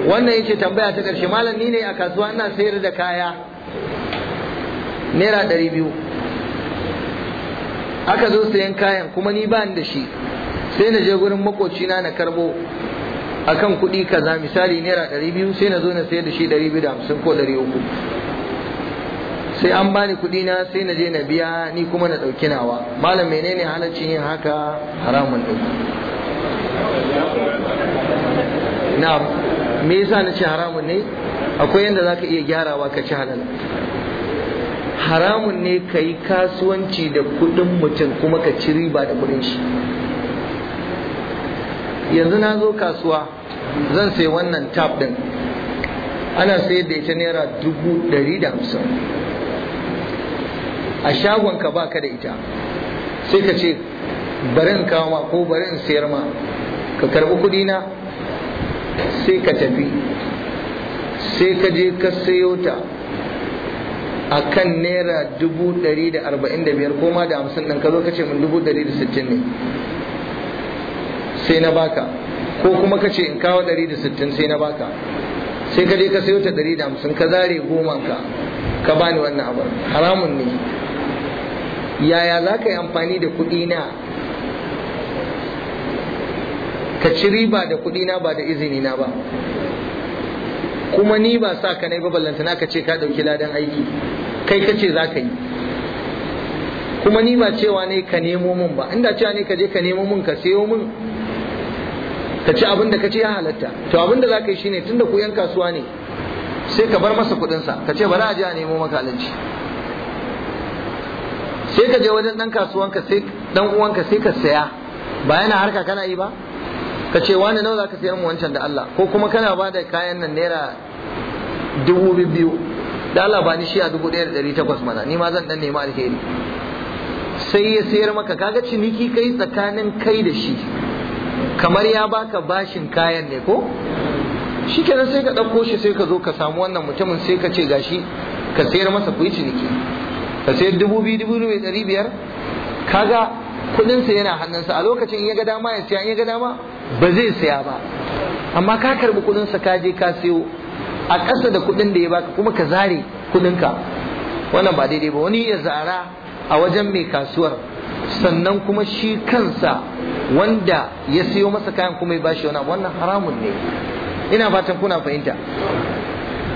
wannan yace tambaya ta karshe malam ni ne a kasuwa ina sayar da kaya naira ɗari biyu aka zo sayan kayan kuma ni ba ni da shi sai na je gurin makocina na karbo akan kuɗi kaza misali naira ɗari biyu sai na zo na sayar da shi ɗari biyu da hamsin ko ɗari uku sai an bani kuɗi na sai na je na biya ni kuma na ɗauki nawa malam menene halaccin yin haka haramun ɗin Na, me yasa na ce haramun ne akwai yanda zaka iya gyarawa ka ci halal haramun ne ka yi kasuwanci da kuɗin mutum kuma ka ci riba da kuɗin shi yanzu na zo kasuwa zan sai wannan tap din ana sayar da ita naira dubu ɗari da hamsin a ka ba ka da ita sai ka ce bari in kawo ma ko bari in sayar ma ka karɓi kuɗi na sai ka tafi sai ka je ka sayo ta a kan naira dubu ɗari da arba'in da biyar ko ma da hamsin ɗin ka zo ka ce min dubu ɗari da sittin ne sai na baka ko kuma ka ce in kawo 160 sai na baka sai ka je ka sayo ta 150 ka zare goma ka ka bani wannan abu haramun ne yaya za ka yi amfani da kuɗi na ka ci riba da kuɗi na ba da izini na ba kuma ni ba sa ka nai ballanta na ka ce ka ɗauki ladan aiki kai ka ce za ka yi kuma ni ba cewa ne ka nemo mun ba inda cewa ne ka je ka nemo mun ka sayo mun ka ci abin da ka ce ya halatta to abin da za ka yi shine tunda ku yan kasuwa ne sai ka bar masa kuɗinsa ka ce bari a je a nemo maka alinci sai ka je wajen ɗan kasuwanka sai dan uwanka sai ka saya ba yana harka kana yi ba ka ce wani nawa zaka sayar mu wancan da Allah ko kuma kana ba da kayan nan naira dubu biyu da Allah ba ni shi a dubu ɗaya da ɗari takwas mana ni ma zan ɗan nemi alheri sai ya sayar maka kaga ciniki kai tsakanin kai da shi kamar ya baka bashin kayan ne ko shi kenan sai ka ɗauko shi sai ka zo ka samu wannan mutumin sai ka ce gashi ka sayar masa kuyi ciniki ka sayar dubu biyu dubu biyu ɗari biyar kaga kuɗinsa yana hannunsa a lokacin in ya ga dama ya siya ya ga dama ba zai siya ba amma ka karɓi kuɗinsa ka je ka siyo a ƙasa da kuɗin da ya baka kuma ka zare kuɗinka wannan ba daidai ba wani ya zara a wajen mai kasuwar sannan kuma shi kansa wanda ya siyo masa kayan kuma ya bashi wani abu wannan haramun ne ina fatan kuna fahimta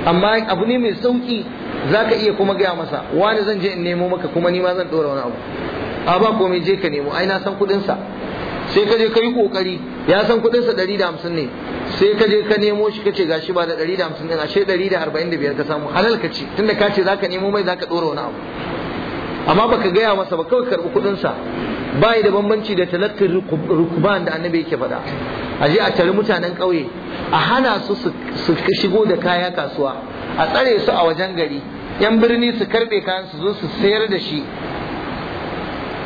amma abu ne mai sauki ka iya kuma gaya masa wani zan je in nemo maka kuma ni ma zan dora wani abu a ba komai je ka nemo ai na san kuɗinsa sai ka je ka yi kokari ya san ɗari da 150 ne sai ka je ka nemo shi kace gashi ba da 150 din ashe 145 ka samu halal ka ce tunda ka ce za ka nemo mai za ka ɗora wani abu amma baka gaya masa ba kawai karɓi kuɗinsa bai da bambanci da talakkin rukuban da annabi yake faɗa a je a tare mutanen ƙauye a hana su su shigo da kaya kasuwa a tsare su a wajen gari yan birni su karɓe kayan su zo su sayar da shi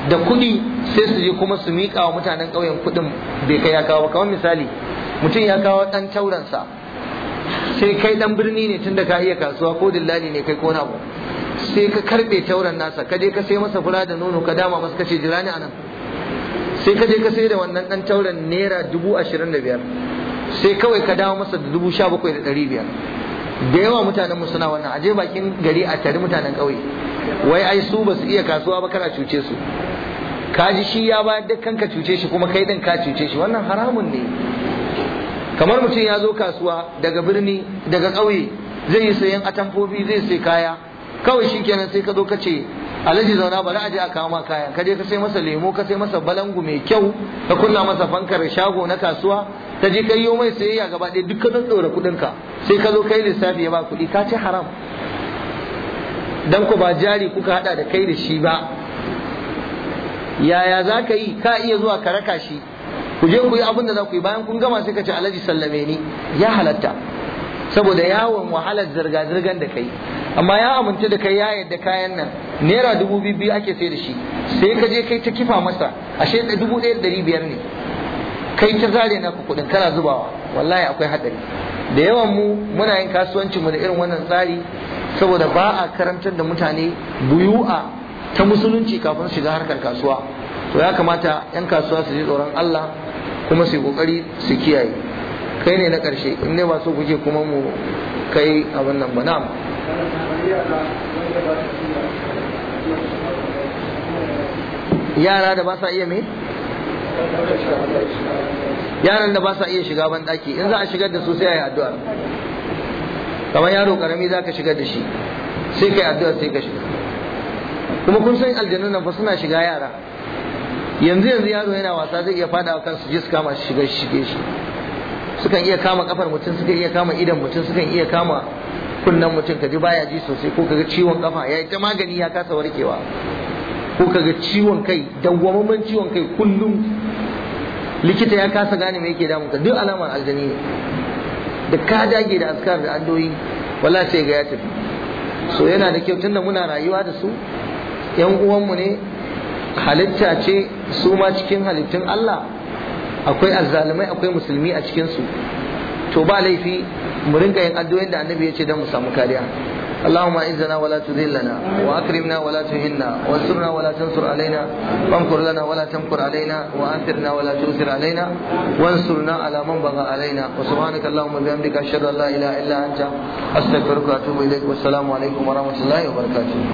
da kuɗi sai su je kuma su miƙa wa mutanen ƙauyen kuɗin bai kai ya kawo ba kamar misali mutum ya kawo ɗan tauransa sai kai ɗan birni ne tunda ka iya kasuwa ko dillali ne kai ko na sai ka karbe tauran nasa ka je ka sai masa fura da nono ka dama masa kace jira ni anan sai ka je ka sai da wannan dan tauran naira dubu ashirin da biyar sai kawai ka dawo masa da dubu sha bakwai da ɗari biyar da yawa mutanen suna wannan aje bakin gari a tare mutanen ƙauye wai ai su ba su iya kasuwa ba kana cuce su ka ji shi ya bayar duk kanka cuce shi kuma kai din ka cuce shi wannan haramun ne kamar mutum ya zo kasuwa daga birni daga ƙauye zai yi sayan atamfofi zai sai kaya kawai shi kenan sai ka zo ka ce alhaji zauna bari a je a kawo ma kayan ka je ka sai masa lemo ka sai masa balangu mai kyau ka kunna masa fankar shago na kasuwa ta je ka yi mai sayayya gaba ɗaya duk ka ɗora kuɗin ka sai ka zo kai lissafi ya ba kuɗi ka ci haram dan ku ba jari kuka hada da kai da shi ba yaya za ka yi ka iya zuwa ka raka shi ku je ku yi abin da za ku yi bayan kun gama sai ka ce alhaji sallame ni ya halatta saboda yawon wahalar zirga-zirgan da kai amma ya amince da kai ya yadda kayan nan naira dubu biyu ake sai da shi sai ka je kai ta kifa masa ashe da dubu da ɗari biyar ne kai ta zare na ku kuɗin kana zubawa wallahi akwai haɗari da yawan mu muna yin kasuwancin mu da irin wannan tsari saboda ba a karantar da mutane buyu a ta musulunci kafin su shiga harkar kasuwa to ya kamata 'yan kasuwa su ji tsoron Allah kuma su yi kokari su kiyaye kai ne na karshe in ne ba so kuke kuma mu kai abin nan ba na'am yara da ba sa iya me yaran da ba sa iya shiga ban daki in za a shigar da su sai a yi addu'a kamar yaro karami za ka shigar da shi sai ka yi addu'a sai ka shiga kuma kun san aljanun nan fa suna shiga yara yanzu yanzu yaro yana wasa zai iya fada wa kansu jiska masu shigar shige shi sukan iya kama kafar mutum sukan iya kama idan mutum sukan iya kama kunnen mutum ka ji baya ji sosai ko kaga ciwon kafa ya ta magani ya kasa warkewa ko kaga ciwon kai dawwamamman ciwon kai kullum likita ya kasa gane me yake damun ka duk alamar aljani ne da ka dage da askar da addoyi wala sai ga ya tafi so yana da kyau tunda muna rayuwa da su yan uwanmu ne halitta ce su ma cikin halittun Allah akwai azzalumai akwai musulmi a cikin su to ba laifi mu rinka yin addu'o'in da annabi ya ce don mu samu kariya اللهم اعزنا ولا تذلنا واكرمنا ولا تهنا وانصرنا ولا تنصر علينا وامكر لنا ولا تمكر علينا واثرنا ولا تؤثر علينا وانصرنا على من بغى علينا وسبحانك اللهم وبحمدك اشهد ان لا اله الا انت استغفرك واتوب اليك والسلام عليكم ورحمه الله وبركاته